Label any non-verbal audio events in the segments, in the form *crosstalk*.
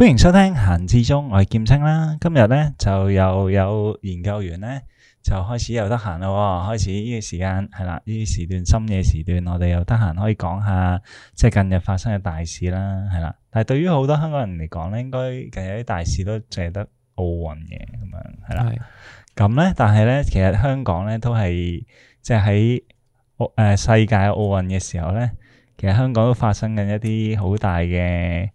歡迎收聽閒之中，我係劍青啦。今日咧就又有，有研究員咧就開始又得閒咯，開始呢個時間係啦，呢、這個、時段，深夜時段，我哋又得閒可以講下即係、就是、近日發生嘅大事啦，係啦。但係對於好多香港人嚟講咧，應該近日啲大事都淨係得奧運嘅咁樣，係啦。咁咧是，但係咧，其實香港咧都係即係喺誒世界奧運嘅時候咧，其實香港都發生緊一啲好大嘅。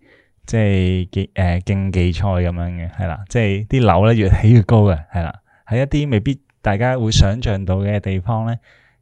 即係競誒競技賽咁樣嘅，係啦，即係啲樓咧越起越高嘅，係啦，喺一啲未必大家會想像到嘅地方咧，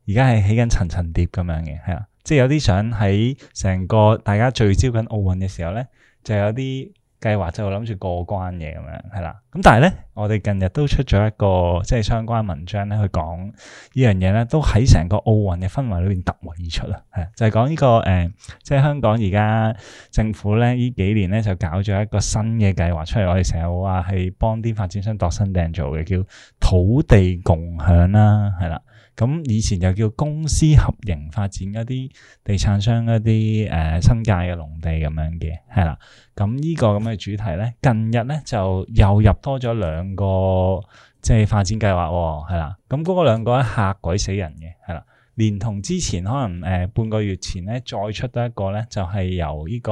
而家係起緊層層疊咁樣嘅，係啦，即係有啲想喺成個大家聚焦緊奧運嘅時候咧，就有啲計劃就諗住過關嘅咁樣，係啦。咁但係咧，我哋近日都出咗一個即係相關文章咧，去講呢樣嘢咧，都喺成個奧運嘅氛圍裏邊突圍而出啊！係就係講呢個誒、呃，即係香港而家政府咧，依幾年咧就搞咗一個新嘅計劃出嚟，我哋成日話係幫啲發展商度身訂造嘅，叫土地共享啦，係啦。咁以前就叫公私合營，發展一啲地產商一啲誒、呃、新界嘅農地咁樣嘅，係啦。咁呢個咁嘅主題咧，近日咧就又入多咗兩個即係發展計劃喎，係啦。咁、那、嗰個兩個咧嚇鬼死人嘅，係啦。連同之前可能誒、呃、半個月前咧再出多一個咧，就係、是、由呢、這個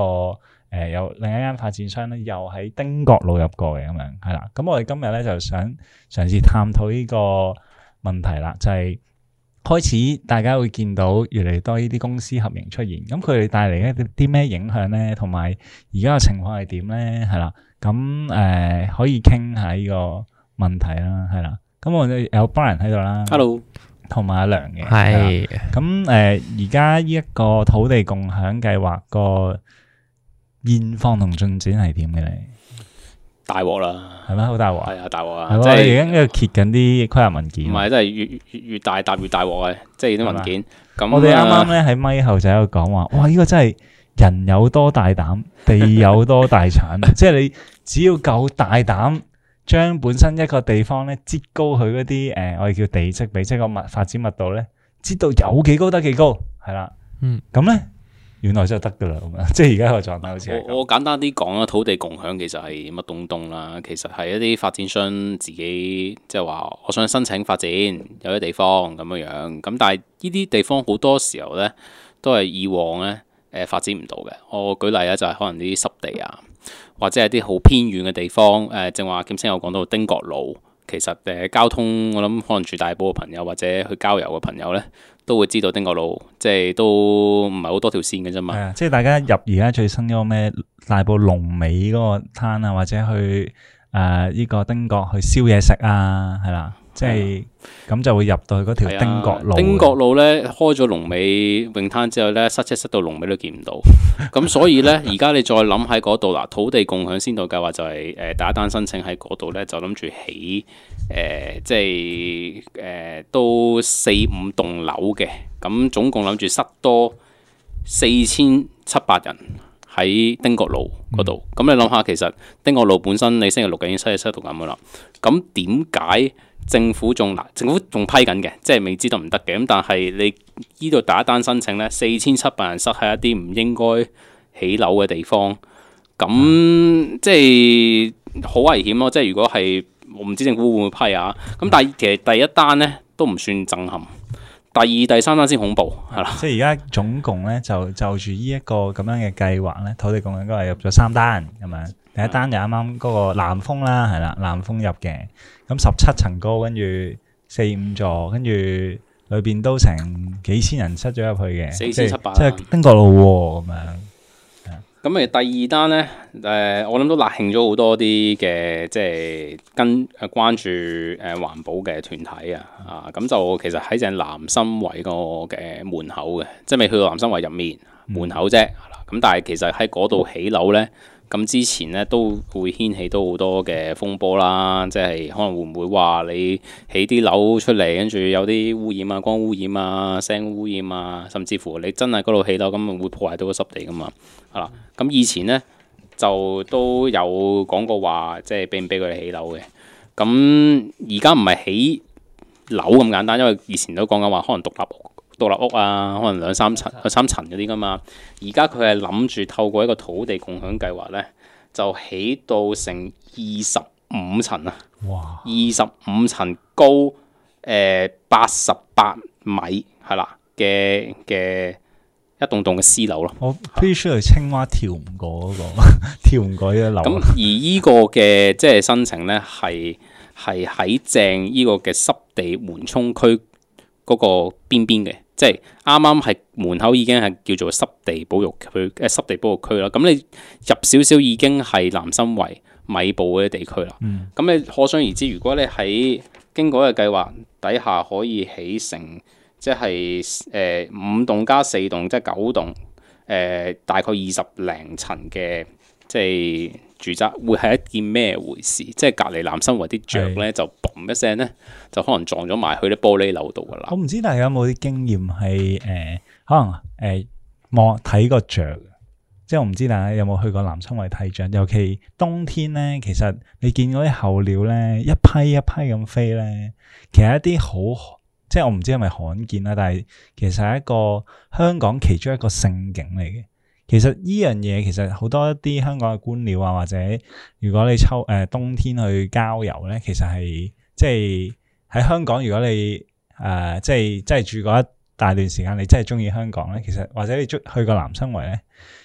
誒由、呃、另一間發展商咧又喺丁角路入過嘅咁樣，係啦。咁我哋今日咧就想嘗試探討呢個問題啦，就係、是，開始大家會見到越嚟越多呢啲公司合營出現，咁佢帶嚟一啲咩影響咧？同埋而家嘅情況係點咧？係啦，咁誒、呃、可以傾下呢個問題啦，係啦。咁我哋有 Brian 喺度啦，Hello，同埋阿梁嘅，係。咁誒的，而家呢一個土地共享計劃個現況同進展係點嘅咧？大鑊啦，係咪？好大鑊，係啊，大鑊啊，即係而家喺度揭緊啲規劃文件。唔係，真係越越大，答越大鑊嘅，即係啲文件。咁吧這樣 我哋啱啱咧喺咪後就喺度講話，哇！呢、這個真係人有多大膽，地有多大產。 *laughs* 即係你只要夠大膽，將本身一個地方咧，擠高佢嗰啲誒，我哋叫地積比，即係個物發展密度咧，擠到有幾高得幾高，係啦。嗯 *laughs* 呢，咁咧。原來真係得噶啦，咁 *laughs* 啊，即係而家個狀態好似。我我簡單啲講啊，土地共享其實係乜東東啦，啊？其實係一啲發展商自己，即係話我想申請發展有啲地方咁樣樣。咁但係呢啲地方好多時候呢都係以往呢誒、呃、發展唔到嘅。我舉例呀，就係可能啲濕地啊，或者係啲好偏遠嘅地方。誒、呃，正話劍先我講到丁角路，其實誒、呃、交通，我諗可能住大埔嘅朋友或者去郊遊嘅朋友呢。都會知道汀角路，即係都唔係好多條線嘅啫嘛、嗯。即係大家入而家最新嗰個咩大埔龍尾嗰個灘啊，或者去誒、呃、呢、這個汀角去燒嘢食啊，係啦。即係咁就會入到去嗰條丁角路，丁角路咧開咗龍尾泳灘之後咧塞車塞到龍尾都見唔到，咁 *laughs* 所以咧而家你再諗喺嗰度啦，土地共享先導計劃就係、是、誒、呃、第一單申請喺嗰度咧就諗住起誒即係誒、呃、都四五棟樓嘅，咁總共諗住塞多四千七百人。喺汀角路嗰度，咁你諗下，其實汀角路本身你星期六已經七日七度咁啦，咁點解政府仲嗱政府仲批緊嘅，即係未知得唔得嘅，咁但係你呢度第一單申請呢，四千七百人塞喺一啲唔應該起樓嘅地方，咁即係好危險咯，即係如果係我唔知政府會唔會批啊，咁但係其實第一單呢，都唔算震撼。第二、第三單先恐怖，係啦、啊。即係而家總共咧，就就住呢一個咁樣嘅計劃咧，土地共應該係入咗三單咁樣。的第一單就啱啱嗰個南豐啦，係啦，南豐入嘅。咁十七層高，跟住四五座，跟住裏邊都成幾千人塞咗入去嘅，四千七百是，即係經過路喎咁樣。咁誒第二單咧，誒、呃、我諗都熱慶咗好多啲嘅，即係跟啊關注誒環保嘅團體啊，啊咁就其實喺正南新圍個嘅門口嘅，即係未去到南新圍入面門口啫，咁但係其實喺嗰度起樓咧。咁之前咧都會掀起到好多嘅風波啦，即係可能會唔會話你起啲樓出嚟，跟住有啲污染啊、光污染啊、聲污染啊，甚至乎你真係嗰度起樓，咁會破壞到個濕地噶嘛？係啦，咁以前咧就都有講過話，即係俾唔俾佢哋起樓嘅。咁而家唔係起樓咁簡單，因為以前都講緊話，可能獨立。獨立屋啊，可能兩三層，兩三層嗰啲噶嘛。而家佢係諗住透過一個土地共享計劃呢，就起到成二十五層啊！哇，二十五層高，誒，八十八米係啦嘅嘅一棟棟嘅私樓咯。我 pretty sure 青蛙跳唔過嗰、嗰個，的跳唔過一個樓 *laughs* 個。咁而呢個嘅即係申請呢，係係喺正呢個嘅濕地緩衝區。嗰個邊邊嘅，即係啱啱係門口已經係叫做濕地保育區，誒濕地保育區啦。咁你入少少已經係南新圍米埔嗰啲地區啦。咁、嗯、你可想而知，如果你喺經過嘅計劃底下可以起成，即係誒五棟加四棟，即係九棟，誒、呃、大概二十零層嘅，即係。住宅會係一件咩回事？即係隔離南生圍啲雀咧，是的 就嘣一聲咧，就可能撞咗埋去啲玻璃樓度㗎喇。我唔知大家有冇啲經驗係誒，可能誒望睇過雀。即係我唔知大家有冇去過南生圍睇雀？尤其冬天咧，其實你見到啲候鳥咧，一批一批咁飛咧，其實一啲好即係我唔知係咪罕見啦。但係其實係一個香港其中一個盛景嚟嘅。其實呢樣嘢，其實好多啲香港嘅官僚啊，或者如果你秋誒、呃、冬天去郊遊咧，其實係即係喺香港，如果你誒、呃、即係即係住過一大段時間，你真係中意香港咧，其實或者你出去過南生圍咧，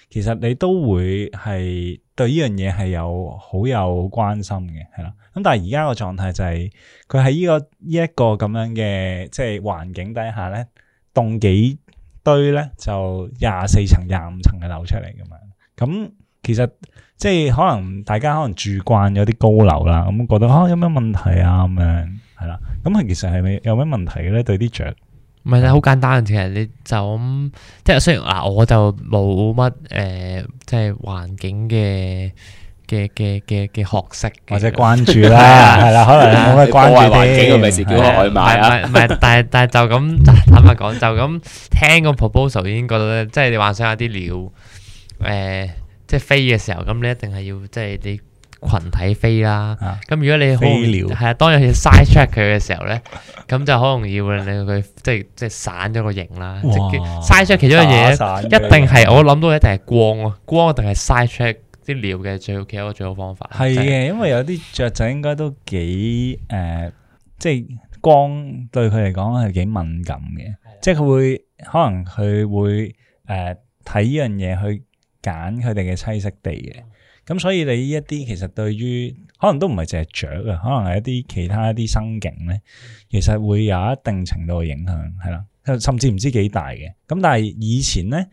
其實你都會係對呢樣嘢係有好有關心嘅，係啦。咁但係而家個狀態就係佢喺呢個呢一個咁樣嘅即係環境底下咧凍幾。堆咧就廿四層、廿五層嘅樓出嚟噶嘛，咁、嗯、其實即係可能大家可能住慣咗啲高樓啦，咁、嗯、覺得啊有咩問題啊咁樣係啦，咁係其實係咪有咩問題咧？對啲雀，唔係啦，好簡單，其實你就咁即係雖然嗱我就冇乜誒即係環境嘅。嘅嘅嘅嘅學識或者關注啦，係啦，可能冇乜關注啲。幾個名字叫外賣啊？唔係唔係，但係但係就咁坦白講，就咁聽個 proposal 已經覺得，即係你幻想下啲鳥誒，即係飛嘅時候，咁你一定係要即係你群體飛啦。咁如果你好，係啊，當有嘢 side track 佢嘅時候咧，咁就好容易令到佢即係即係散咗個型啦。哇 side track 其中一樣嘢一定係我諗到嘅，一定係光啊，光一定係 side track。啲料嘅最好，其實一個最好方法。係嘅的，就是、因為有啲雀仔應該都幾誒，即、呃、係、就是、光對佢嚟講係幾敏感嘅，的即係佢會可能佢會誒睇呢樣嘢去揀佢哋嘅棲息地嘅。咁的所以你呢一啲其實對於可能都唔係淨係雀啊，可能係一啲其他一啲生境咧，其實會有一定程度嘅影響，係啦，甚至唔知幾大嘅。咁但係以前咧。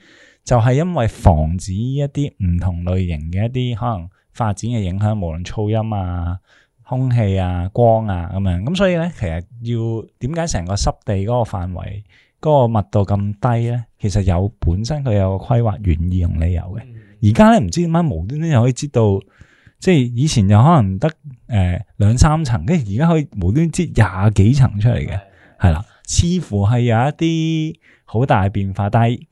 就係因為防止一啲唔同類型嘅一啲可能發展嘅影響，無論噪音啊、空氣啊、光啊咁樣，咁所以咧，其實要點解成個濕地嗰個範圍嗰個密度咁低咧？其實有本身佢有個規劃原意同理由嘅。而家咧唔知點解無端端又可以知道，即係以前又可能得誒兩三層，跟住而家可以無端端擠廿幾層出嚟嘅，係啦是的，似乎係有一啲好大嘅變化，低。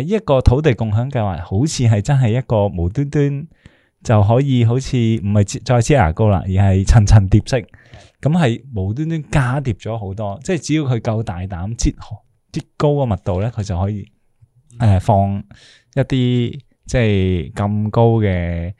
誒，一個土地共享計劃好似係真係一個無端端就可以，好似唔係再唧牙膏啦，而係層層疊式咁，係無端端加疊咗好多。即係只要佢夠大膽，唧唧高嘅密度咧，佢就可以誒放一啲即係咁高嘅，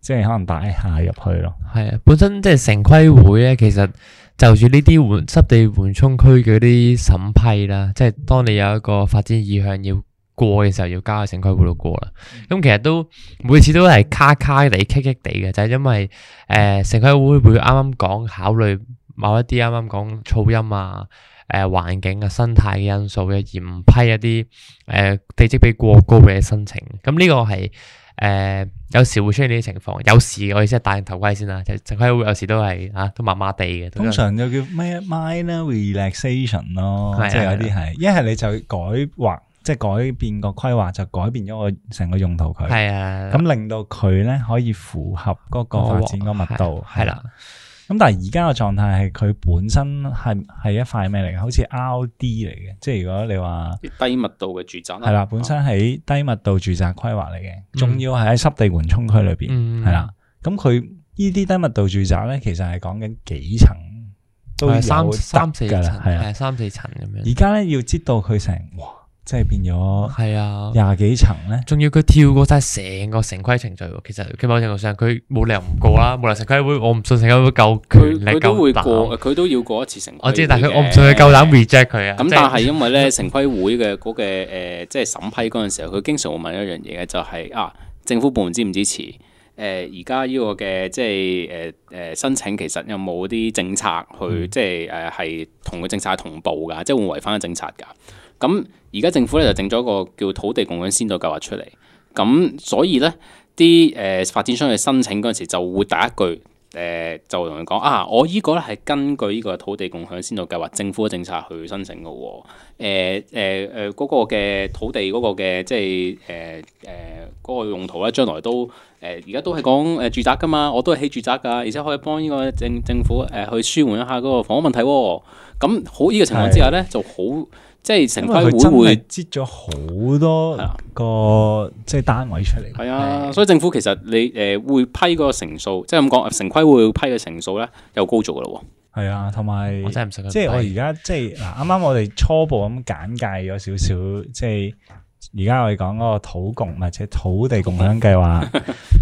即係可能大廈入去咯。係啊，本身即係城規會咧，其實就住呢啲緩濕地緩衝區嘅啲審批啦，即係當你有一個發展意向要。過嘅時候要交去城規會度過啦，咁、嗯、其實都每次都係卡卡地棘棘地嘅，就係因為誒城規會會啱啱講考慮某一啲啱啱講噪音啊、誒、呃、環境啊、生態嘅因素嘅，而唔批一啲誒、呃、地積比過高嘅申請，咁呢個係誒有時會出現呢啲情況，有時我意思係戴定頭盔先啦，就係城規會有時都係啊，都麻麻地嘅。通常就叫咩 minor relaxation 咯，即係有啲係，一係你就改劃。即係改變個規劃，就改變咗我成個用途佢。係啊，咁令到佢咧可以符合嗰個發展個密度係啦。咁但係而家個狀態係佢本身係係一塊咩嚟？好似凹 d 嚟嘅，即係如果你話低密度嘅住宅係啦，本身喺低密度住宅規劃嚟嘅，仲要係喺濕地緩衝區裏邊係啦。咁佢呢啲低密度住宅咧，其實係講緊幾層都有得嘅啦，係啊，三四層咁樣。而家咧要知道佢成即係變咗，係啊，廿幾層咧，仲要佢跳過晒成個城規程序。其實佢某程度上，佢冇理由唔過啦。冇理由城規會，我唔信城規會夠佢，佢都會過，佢打都要過一次城規。我知，但係、嗯、我唔信佢夠膽 reject 佢啊。咁但係因為咧，城規會嘅嗰個誒，即係審批嗰陣時候，佢經常會問一樣嘢嘅，就係、是、啊，政府部門支唔支持？誒、呃，而家呢個嘅即係誒誒，申請其實有冇啲政策去、嗯、即係誒，係同個政策同步噶，即係會違反個政策噶。咁而家政府咧就整咗個叫土地共享先導計劃出嚟，咁所以咧啲誒發展商去申請嗰陣時就會第一句誒、呃，就同佢講啊，我依個咧係根據依個土地共享先導計劃政府嘅政策去申請嘅喎、哦，誒誒誒嗰個嘅土地嗰個嘅即係誒誒嗰個用途咧，將來都誒而家都係講誒住宅噶嘛，我都係起住宅噶，而且可以幫呢個政政府誒去舒緩一下嗰個房屋問題喎、哦。咁好呢個情況之下咧就好。即係城規會會擠咗好多個即係單位出嚟，係啊，所以政府其實你誒會批個成數，即係咁講，城規會批嘅成數咧又高咗噶咯，係啊，同埋即係我而家即係嗱，啱啱我哋初步咁簡介咗少少，即係而家我哋講嗰個土共或者土地共享計劃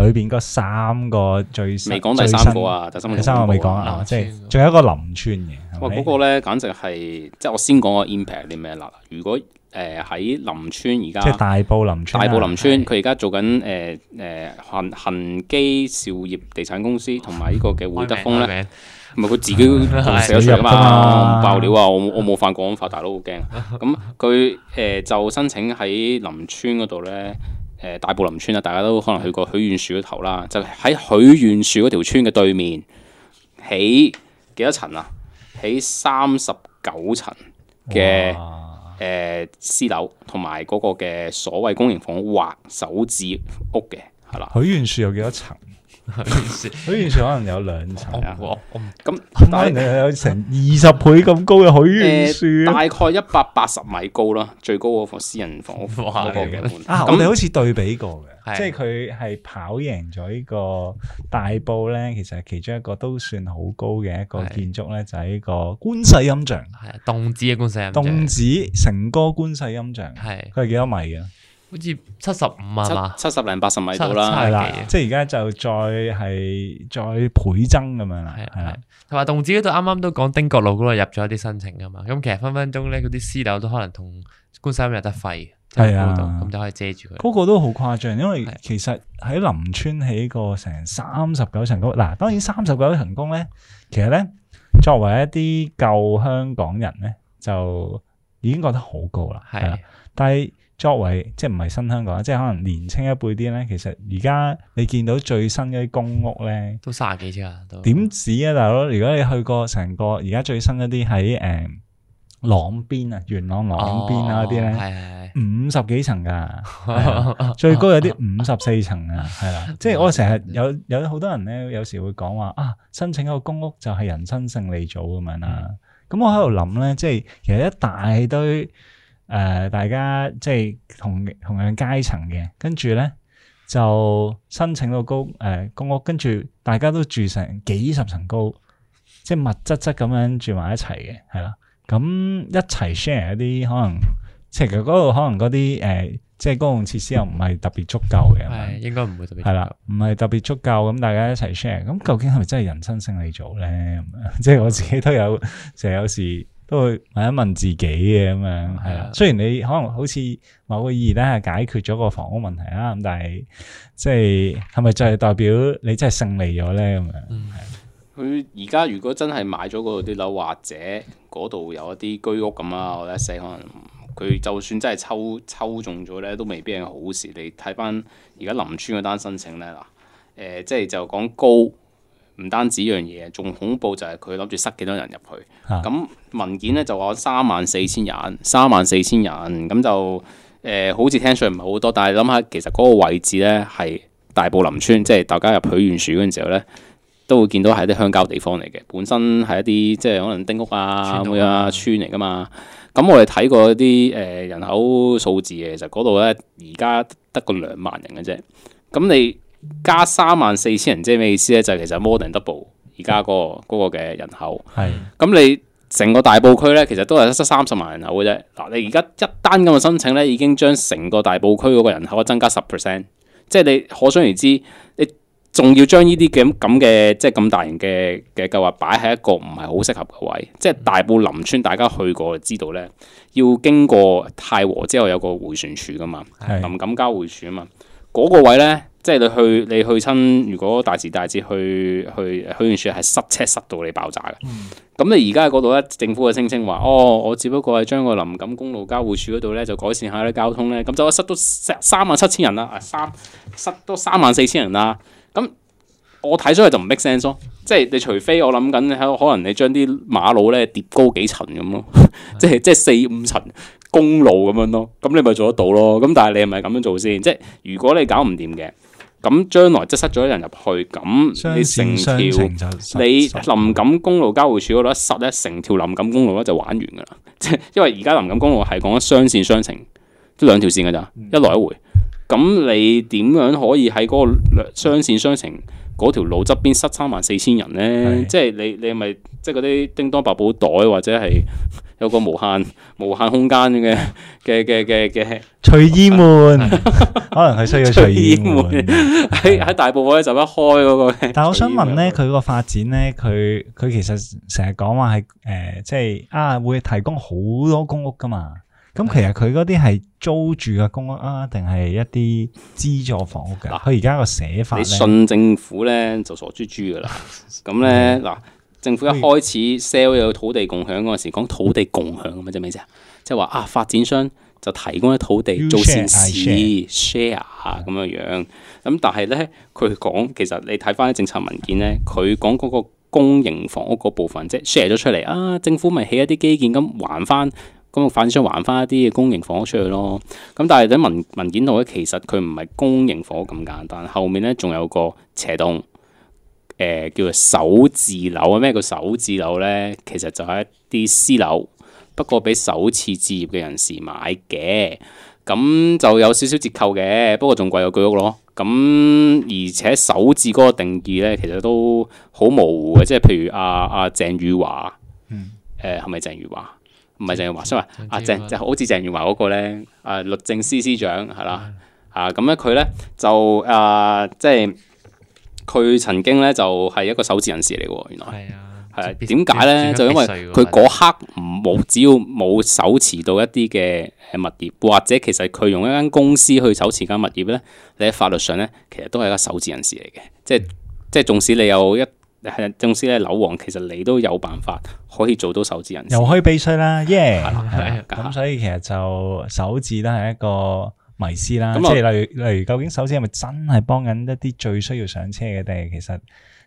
裏邊嗰三個最未講第三個啊，第三個未講啊，即係仲有一個林村嘅。哇！嗰個咧，簡直係即係我先講個 impact 啲咩啦。如果誒喺、呃、林村而家即係大埔林村，大埔林村佢而家做緊誒誒恆恆基兆業地產公司同埋呢個嘅會德豐咧，唔係佢自己都做社長啊嘛， *laughs* 爆料啊，我我冇犯過國安法，大佬好驚。咁佢誒就申請喺林村嗰度咧，誒、呃、大埔林村啦，大家都可能去過許願樹嗰頭啦，就喺、是、許願樹嗰條村嘅對面起幾多層啊？喺三十九層嘅誒哇、呃、私樓，同埋嗰個嘅所謂公營房屋或首置屋嘅，係啦。許願樹有幾多層？許願樹，許願樹可能有兩層，咁當然，你有成二十倍咁高嘅許願樹？大概一百八十米高啦，最高嗰私人房屋下嘅。咁你好似對比過嘅，即係佢係跑贏咗呢個大埔咧，其實係其中一個都算好高嘅一個建築咧，就係呢個觀世音像，係啊，動子嘅觀世音，動子成個觀世音像，係佢幾多米嘅？好似七,七十五啊，七十零八十米度啦，係啦，即係而家就再係再倍增咁樣啦。係啊的，同埋洞梓都啱啱都講汀角路嗰度入咗一啲申請啊嘛，咁其實分分鐘咧，嗰啲私樓都可能同觀山有得揮，即係嗰度咁就可以遮住佢。嗰的個都好誇張，因為其實喺林村起個成三十九層高，嗱的，當然三十九層高咧，其實咧，作為一啲舊香港人咧，就已經覺得好高啦。係啊的的，但係。作為即係唔係新香港，即係可能年青一輩啲咧，其實而家你見到最新嗰啲公屋咧，都卅幾層都點止啊，大佬！如果你去過成個而家最新一啲喺誒朗邊啊，元朗朗邊啊啲咧，五十幾層噶， *laughs* 最高有啲五十四層啊，係啦。 *laughs* 即係我成日有有好多人咧，有時會講話啊，申請一個公屋就係人生勝利組咁樣啦。咁、嗯、我喺度諗咧，即係其實一大堆。誒、呃，大家即係同同樣階層嘅，跟住咧就申請到高、uh, 公誒公屋，跟住大家都住成幾十層高，即係密質質咁樣住埋一齊嘅，係啦。咁、嗯嗯、一齊 share 一啲可能，其實嗰度可能嗰啲誒，即係公共設施又唔係特別足夠嘅，係應該唔會特別係啦，唔係特別足夠，咁大家一齊 share，咁究竟係咪真係人生勝利組咧？即係我自己都有，成日有時。JO IN dia die 都會問一問自己嘅咁樣，係啊。的雖然你可能好似某個意義底下解決咗個房屋問題啦，咁但係即係係咪就係代表你真係勝利咗咧咁啊？佢而家如果真係買咗嗰度啲樓，或者嗰度有一啲居屋咁啊，我覺得死可能佢就算真係抽抽中咗咧，都未必係好事。你睇翻而家林村嗰單申請咧，嗱，誒，即係就講高。唔單止一樣嘢，仲恐怖就係佢諗住塞幾多人入去。咁、啊、文件咧就話三萬四千人，三萬四千人咁就，誒、呃，好似聽上唔係好多。但係諗下，其實嗰個位置咧係大埔林村，即係大家入許願樹嗰陣時候咧，都會見到係一啲鄉郊地方嚟嘅。本身係一啲即係可能丁屋啊、村嚟噶嘛。咁我哋睇過啲誒、呃、人口數字嘅，其實嗰度咧而家得個兩萬人嘅啫。咁你？加三萬四千人，即係咩意思咧？就係、是、其實 more than double 而家嗰個、那個嘅人口係咁，的你成個大埔區咧，其實都係得三十萬人口嘅啫。嗱，你而家一單咁嘅申請咧，已經將成個大埔區嗰個人口增加十 percent，即係你可想而知，你仲要將呢啲咁咁嘅即係咁大型嘅嘅計劃擺喺一個唔係好適合嘅位，即係大埔林村，大家去過就知道咧，要經過太和之後有個回旋處噶嘛，林錦交匯處啊嘛，嗰的個位咧。即係你去，你去親。如果大時大節去去許願樹，係塞車塞到你爆炸嘅。咁你而家嗰度咧，政府嘅聲稱話：哦，我只不過係將個林錦公路交匯處嗰度咧，就改善下啲交通咧。咁就塞到三萬七千人啦，啊三塞到三萬四千人啦。咁我睇上去就唔 make sense 咯。即係你除非我諗緊可能你將啲馬路咧疊高幾層咁咯，即係即係四五層公路咁樣咯。咁你咪做得到咯？咁但係你係咪咁樣做先？即係如果你搞唔掂嘅。咁將來即塞咗人入去，咁你成條你林錦公路交匯處嗰度一塞咧，成條林錦公路咧就玩完噶啦，即係因為而家林錦公路係講雙線雙程，即係兩條線噶咋，嗯、一來一回。咁你點樣可以喺嗰個雙線雙程嗰條路側邊塞三萬四千人咧是的？即係你你係咪即係嗰啲叮噹百寶袋或者係有個無限無限空間嘅嘅嘅嘅嘅隨意門？ *laughs* 可能係需要隨意門喺喺 *laughs* 門 *laughs* 大部分咧就一開嗰、那個。 *laughs* 但係我想問咧，佢個發展咧，佢佢其實成日講話係誒，即、呃、係、就是、啊會提供好多公屋㗎嘛？咁其實佢嗰啲係租住嘅公屋啊，定係一啲資助房屋嘅？嗱、啊，佢而家個寫法你信政府咧就傻豬豬噶啦。咁咧嗱，政府一開始 sell 有土地共享嗰陣時，講土地共享咁啫，咩意思？即係話啊，發展商就提供咗土地做善事 share 下咁樣樣。咁但係咧，佢講其實你睇翻啲政策文件咧，佢講嗰個公營房屋嗰部分即係 share 咗出嚟啊，政府咪起一啲基建咁還翻。咁反相還翻一啲嘅公營房屋出去咯，咁但係喺文文件度咧，其實佢唔係公營房屋咁簡單，後面咧仲有個斜洞，誒叫做首置樓啊！咩叫首置樓咧？其實就係一啲私樓，不過俾首次置業嘅人士買嘅，咁就有少少折扣嘅，不過仲貴過居屋咯。咁而且首置嗰個定義咧，其實都好模糊嘅，即係譬如阿阿鄭宇華，嗯，誒係咪鄭宇華？唔係鄭裕華，所以話阿鄭就好似鄭裕華嗰個咧，啊律政司司長係啦的、啊，啊咁咧佢咧就啊即係佢曾經咧就係一個手持人士嚟喎，原來係啊。點解咧？就因為佢嗰刻冇只要冇手持到一啲嘅物業，的或者其實佢用一間公司去手持間物業咧，你喺法律上咧其實都係一個手持人士嚟嘅，即係、嗯、即係縱使你有一。總之咧，樓王其實你都有辦法可以做到手指人，又可以避稅啦，耶！咁所以其實就手指都係一個迷思啦，Yeah. 即係例如例如究竟手指係咪真係幫緊一啲最需要上車嘅，定係其實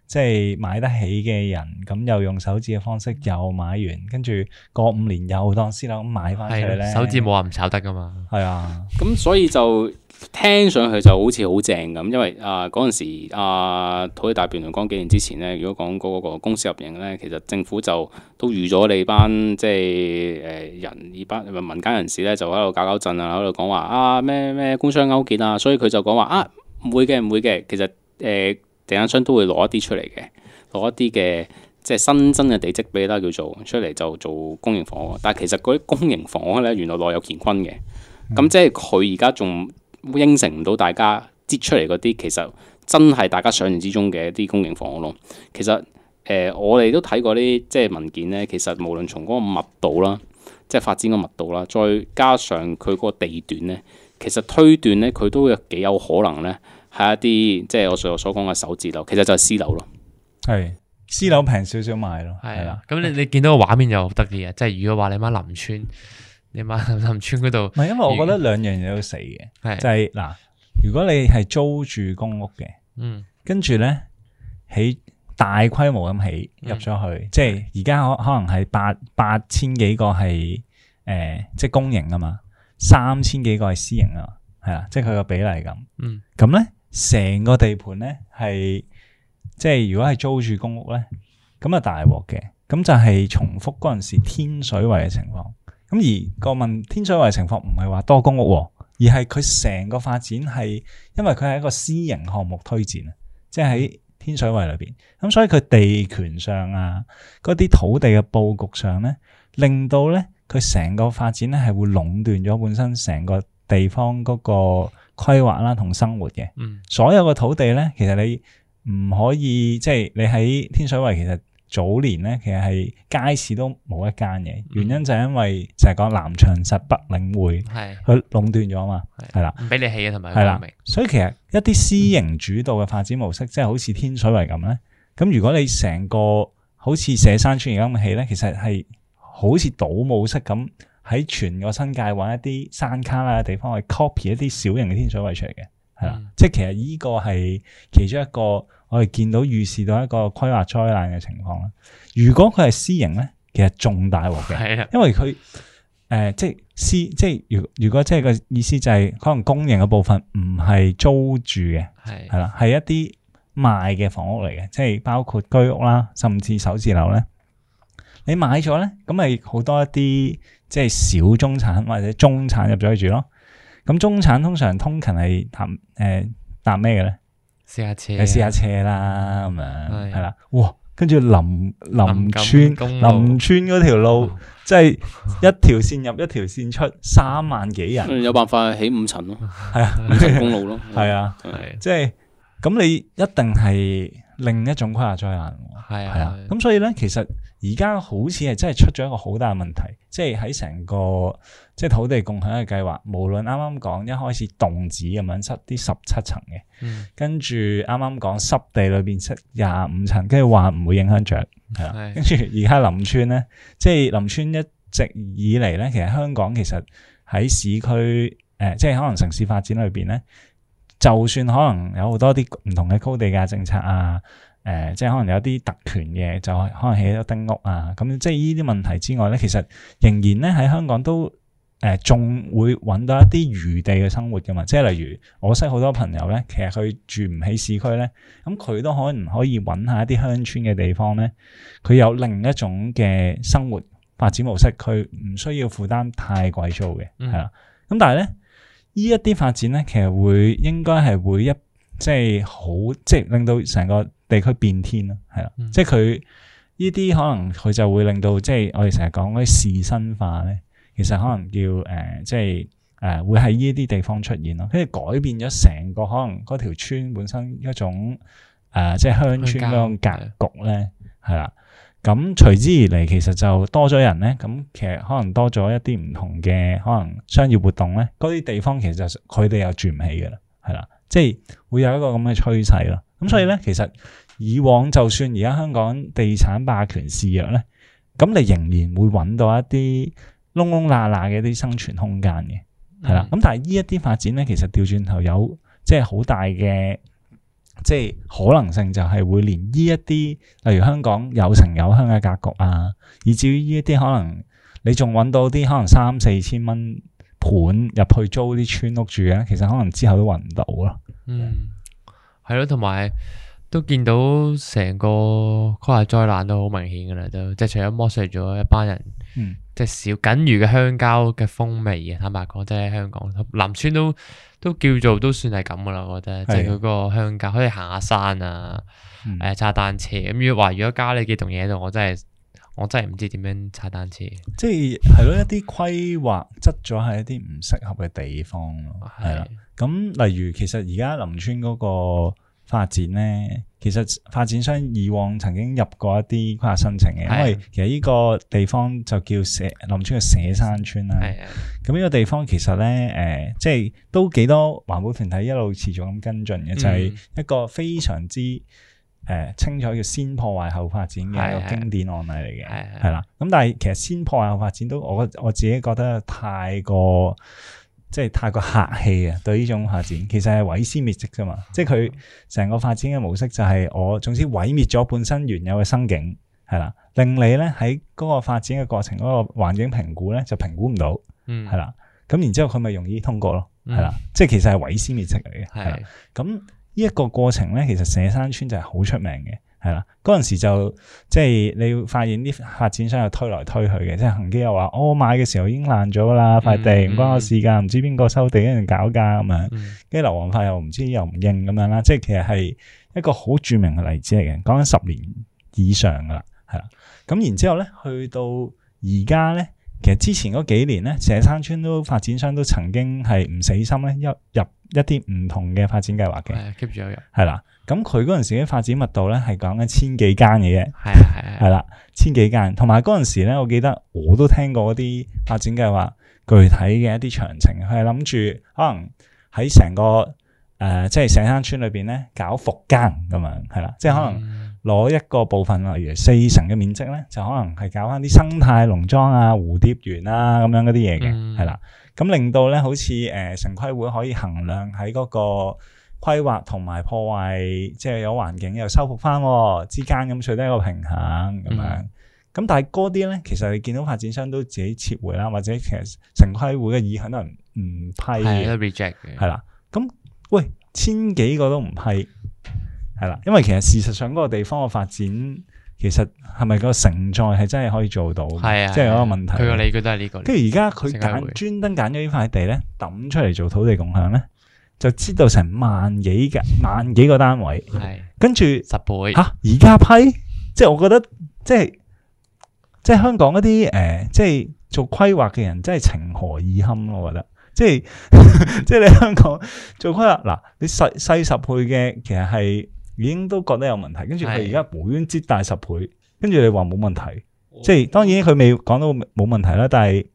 即係買得起嘅人？咁又用手指嘅方式又買完，跟住過五年又當私樓咁買翻出嚟咧？Yeah, 手指冇話唔炒得㗎嘛？係啊，咁所以就。聽上去就好似好正咁，因為啊嗰陣時啊土地大辯論講幾年之前咧，如果講嗰個公司入營咧，其實政府就都預咗你班即係誒、呃、人二班民間人士咧，就喺度搞搞震啊，喺度講話啊咩咩工商勾結啊，所以佢就講話啊唔會嘅唔會嘅，其實誒地產商都會攞一啲出嚟嘅，攞一啲嘅即係新增嘅地積比啦，叫做出嚟就做公營房屋，但係其實嗰啲公營房屋咧原來內有乾坤嘅，咁、嗯、即係佢而家仲。應承唔到大家擠出嚟嗰啲，其實真係大家想像之中嘅一啲公營房屋咯。其實誒、呃，我哋都睇過啲即係文件咧，其實無論從嗰個密度啦，即係發展嘅密度啦，再加上佢個地段咧，其實推斷咧，佢都有幾有可能咧，係一啲即係我所所講嘅首置樓，其實就係私樓咯。係私樓平少少賣咯。係啦，咁你你見到個畫面就好得意啊！即係如果話你媽林村。你買林林村嗰度唔係，因為我覺得兩樣嘢都死嘅，係，就係嗱。如果你係租住公屋嘅，嗯，跟住咧起大規模咁起入咗去，嗯、即係而家可可能係八八千幾個係誒、呃，即係公營啊嘛，三千幾個係私營啊嘛，係啊，即係佢個比例咁。嗯，咁咧成個地盤咧係即係如果係租住公屋咧，咁啊大鑊嘅，咁就係重複嗰陣時天水圍嘅情況。咁而個問天水圍情況唔係話多公屋，而係佢成個發展係因為佢係一個私營項目推展啊，即係喺天水圍裏邊，咁所以佢地權上啊，嗰啲土地嘅佈局上咧，令到咧佢成個發展咧係會壟斷咗本身成個地方嗰個規劃啦同生活嘅，嗯，所有嘅土地咧，其實你唔可以即係你喺天水圍其實。早年咧，其實係街市都冇一間嘅，原因就係因為就係講南長實不領會，佢、嗯、壟斷咗啊嘛，係啦的，唔俾的你起啊，同埋係啦，所以其實一啲私營主導嘅發展模式，即係好似天水圍咁咧，咁如果你成個好似寫山村而家咁嘅起咧，其實係好似倒模式咁喺全個新界揾一啲山卡啦嘅地方去 copy 一啲小型嘅天水圍出嚟嘅，係啦，嗯、即係其實呢個係其中一個。我哋見到預示到一個規劃災難嘅情況啦。如果佢係私營咧，其實仲大鑊嘅，因為佢誒、呃、即係私，即係如果如果即係個意思就係、是、可能公營嘅部分唔係租住嘅，係係啦，係一啲賣嘅房屋嚟嘅，即係包括居屋啦，甚至首置樓咧。你買咗咧，咁咪好多一啲即係小中產或者中產入咗去住咯。咁中產通常通勤係談誒搭咩嘅咧？呃試下車，你試下車啦，咁樣係啦，哇！跟住林林村林村嗰條路，即係一條線入，一條線出，三萬幾人，有辦法起五層咯，係啊，高速公路咯，係啊，即係咁你一定係另一種規劃災難啊，係啊，咁所以咧，其實而家好似係真係出咗一個好大嘅問題，即係喺成個。即係土地共享嘅計劃，無論啱啱講一開始棟子咁樣七啲十七層嘅，層嗯、跟住啱啱講濕地裏邊七廿五層，跟住話唔會影響着。係啦。是跟住而家林村咧，即係林村一直以嚟咧，其實香港其實喺市區誒、呃，即係可能城市發展裏邊咧，就算可能有好多啲唔同嘅高地價政策啊，誒、呃，即係可能有啲特權嘅，就可能起咗丁屋啊，咁即係依啲問題之外咧，其實仍然咧喺香港都。誒，仲、呃、會揾到一啲餘地嘅生活噶嘛？即係例如，我識好多朋友咧，其實佢住唔起市區咧，咁佢都可唔可以揾下一啲鄉村嘅地方咧，佢有另一種嘅生活發展模式，佢唔需要負擔太貴租嘅，係啦、嗯。咁但係咧，呢一啲發展咧，其實會應該係會一即係好，即係令到成個地區變天啦，係啦。嗯、即係佢呢啲可能佢就會令到，即係我哋成日講嗰啲仕紳化咧。其實可能叫誒、呃，即係誒、呃，會喺呢啲地方出現咯，跟住改變咗成個可能嗰條村本身一種誒、呃，即係鄉村嗰種格局咧，係啦、嗯。咁的、嗯、隨之而嚟，其實就多咗人咧。咁其實可能多咗一啲唔同嘅可能商業活動咧，嗰啲地方其實佢哋又住唔起嘅啦，係啦。即係會有一個咁嘅趨勢咯。咁所以咧，其實以往就算而家香港地產霸權式弱咧，咁你仍然會揾到一啲。窿窿罅罅嘅啲生存空間嘅，係啦。咁但係呢一啲發展咧，其實調轉頭有即係好大嘅，即係可能性就係會連呢一啲，例如香港有城有鄉嘅格局啊，以至於呢一啲可能你仲搵到啲可能三四千蚊盤入去租啲村屋住嘅，其實可能之後都搵唔到咯。嗯，係咯，同埋都見到成個跨下災難都好明顯噶啦，都即係除咗剝削咗一班人，嗯。即係小僅餘嘅香蕉嘅風味啊！坦白講，即係香港林村都都叫做都算係咁噶啦，我覺得。即佢嗰個香蕉可以行下山啊，誒、嗯，踩單車。咁如果話如果加你幾棟嘢喺度，我真係我真係唔知點樣踩單車。即係係咯，一啲規劃執咗喺一啲唔適合嘅地方咯。係啦，咁例如其實而家林村嗰個發展咧。其實發展商以往曾經入過一啲規劃申請嘅，因為其實呢個地方就叫社林村嘅社山村啦。係啊的，咁呢個地方其實咧，誒、呃，即係都幾多環保團體一路持續咁跟進嘅，就係、是、一個非常之誒、呃、清楚叫「先破壞後發展嘅一個經典案例嚟嘅，係啦。咁但係其實先破壞後發展都，我我自己覺得太過。即係太過客氣啊！對呢種發展，其實係毀屍滅跡啫嘛。即係佢成個發展嘅模式就係我總之毀滅咗本身原有嘅生境，係啦。令你咧喺嗰個發展嘅過程嗰個環境評估咧就評估唔到，係啦、嗯。咁然之後佢咪容易通過咯，係啦。嗯、即係其實係毀屍滅跡嚟嘅。係。咁呢一個過程咧，其實蛇山村就係好出名嘅。係啦，嗰陣時就即係你發現啲發展商又推來推去嘅，即係恒基又話、哦、我買嘅時候已經爛咗啦，塊地唔關我事噶，唔、嗯、知邊個收地喺度搞噶咁、嗯、樣，跟住劉皇發又唔知又唔認咁樣啦，即係其實係一個好著名嘅例子嚟嘅，講緊十年以上噶啦，係啦，咁然之後咧去到而家咧，其實之前嗰幾年咧，社山村都發展商都曾經係唔死心咧，入入一啲唔同嘅發展計劃嘅，keep 住入，係啦。咁佢嗰陣時嘅發展密度咧，係講緊千幾間嘅嘅，係啊係啦，千幾間。同埋嗰陣時咧，我記得我都聽過啲發展計劃具體嘅一啲詳情，佢係諗住可能喺成個誒、呃、即係石坑村裏邊咧搞復耕咁樣，係啦，即係可能攞一個部分例如四層嘅面積咧，就可能係搞翻啲生態農莊啊、蝴蝶園啊咁樣嗰啲嘢嘅，係啦、嗯。咁令到咧好似誒城規會可以衡量喺嗰、那個。規劃同埋破壞，即係有環境又修復翻之間咁取得一個平衡咁、嗯、樣。咁但係嗰啲咧，其實你見到發展商都自己撤回啦，或者其實城規會嘅議可能唔批嘅 reject 係啦。咁喂，千幾個都唔批，係啦。因為其實事實上嗰個地方嘅發展，其實係咪個承載係真係可以做到？係啊，即係有一個問題。佢個理據都係呢個。跟住而家佢揀專登揀咗呢塊地咧，抌出嚟做土地共享咧。就知道成萬幾嘅萬幾個單位，係是跟住著十倍嚇，而家、啊、批即係我覺得即係即係香港一啲誒、呃、即係做規劃嘅人真係情何以堪咯，我覺得即係 *laughs* 即係你香港做規劃嗱、啊，你細細十倍嘅其實係已經都覺得有問題，跟住佢而家無端端接大十倍，的跟住你話冇問題，哦、即係當然佢未講到冇問題啦，但係。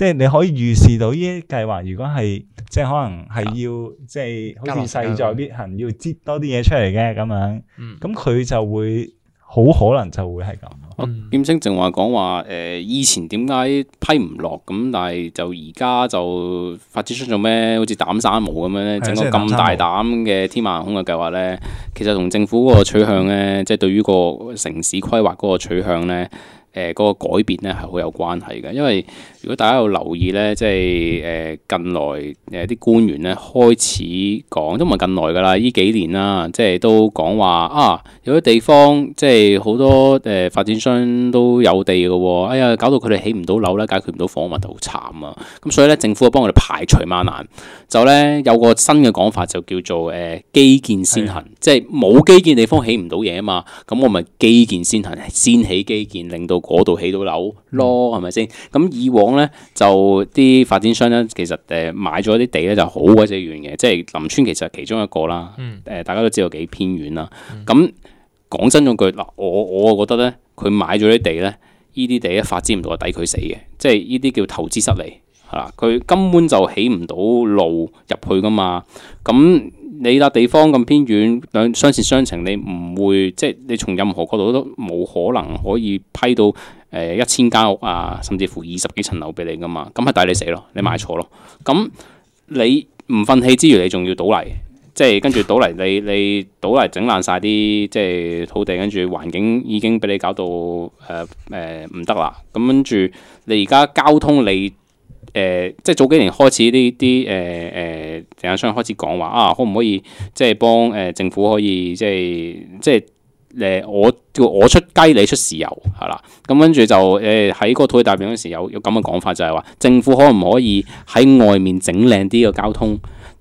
即係你可以預視到呢啲計劃，如果係即係可能係要即係好似勢在必行，要擠多啲嘢出嚟嘅咁樣。咁佢就會好可能就會係咁。劍清正話講話誒，以前點解批唔落咁？但係就而家就發展出咗咩？好似膽砂毛咁樣咧，整個咁大膽嘅天馬行空嘅計劃咧，其實同政府嗰個取向咧，即係對於個城市規劃嗰個取向咧。誒嗰、呃那個改變咧係好有關係嘅，因為如果大家有留意咧，即係誒、呃、近來誒啲、呃、官員咧開始講，都唔係近來噶啦，依幾年啦，即係都講話啊有啲地方即係好多誒、呃、發展商都有地嘅喎、啊，哎呀搞到佢哋起唔到樓咧，解決唔到房屋好慘啊！咁所以咧，政府幫佢哋排除萬難，就咧有個新嘅講法，就叫做誒、呃、基建先行，是的 即係冇基建地方起唔到嘢啊嘛，咁我咪基建先行，先起基建，建，建，令到。嗰度起到樓咯，係咪先？咁以往呢，就啲發展商呢，其實誒買咗啲地呢就好鬼死遠嘅，即係林村其實係其中一個啦。誒、嗯、大家都知道幾偏遠啦。咁、嗯、講真咗句嗱，我我覺得呢，佢買咗啲地呢，呢啲地咧發展唔到，抵佢死嘅，即係呢啲叫投資失利，係啦，佢根本就起唔到路入去噶嘛。咁你笪地方咁偏遠，兩雙線雙情你，你唔會即係你從任何角度都冇可能可以批到誒一千間屋啊，甚至乎二十幾層樓俾你噶嘛？咁係抵你死咯，你買錯咯。咁你唔憤氣之餘，你仲要倒泥，即係跟住倒泥，你你倒泥整爛晒啲即係土地，跟住環境已經俾你搞到誒誒唔得啦。咁跟住你而家交通你。誒、呃，即係早幾年開始，呢啲誒誒地產商開始講話啊，可唔可以即係幫誒、呃、政府可以即係即係誒、呃、我叫我出雞，你出豉油，係啦。咁跟住就誒喺嗰個土地大辯論嗰時有有咁嘅講法就，就係話政府可唔可以喺外面整靚啲嘅交通？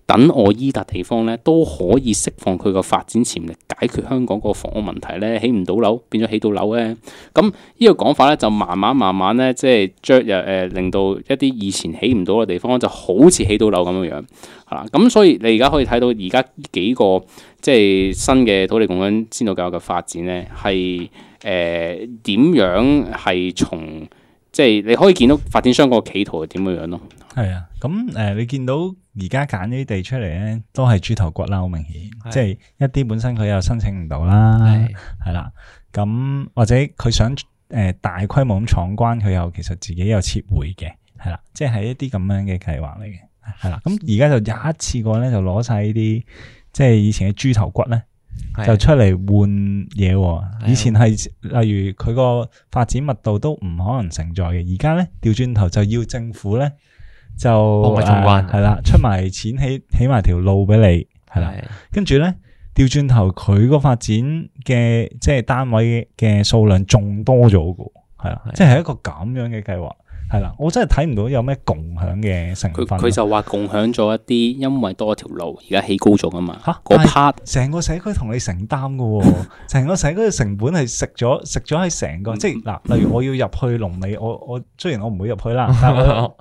等我依達地方咧，都可以釋放佢個發展潛力，解決香港個房屋問題咧，起唔到樓變咗起到樓咧。咁、這個、呢個講法咧，就慢慢慢慢咧，即係著入誒，令到一啲以前起唔到嘅地方，就好似起到樓咁樣樣嚇。咁、嗯、所以你而家可以睇到而家幾個即係新嘅土地共享先導計劃嘅發展咧，係誒點樣係從即係你可以見到發展商個企圖係點樣樣咯。係啊，咁誒、呃，你見到而家揀呢啲地出嚟咧，都係豬頭骨啦，好明顯，啊、即係一啲本身佢又申請唔到啦，係啦、啊，咁、啊、或者佢想誒、呃、大規模咁闖關，佢又其實自己又撤回嘅，係啦、啊，即係一啲咁樣嘅計劃嚟嘅，係啦、啊，咁而家就有一次過咧就攞晒呢啲，即係以前嘅豬頭骨咧，就出嚟換嘢。啊、以前係例如佢個發展密度都唔可能承載嘅，而家咧掉轉頭就要政府咧。就係啦、啊，出埋錢起起埋條路俾你，係啦，的跟住咧調轉頭，佢個發展嘅即係單位嘅數量仲多咗喎，係啦，即係的一個咁樣嘅計劃。係啦，我真係睇唔到有咩共享嘅成分。佢佢就話共享咗一啲，因為多條路而家起高咗啊嘛。吓，嗰 part 成個社區同你承擔噶，成個社區嘅成本係食咗食咗喺成個。即係嗱，例如我要入去龍尾，我我雖然我唔會入去啦，但我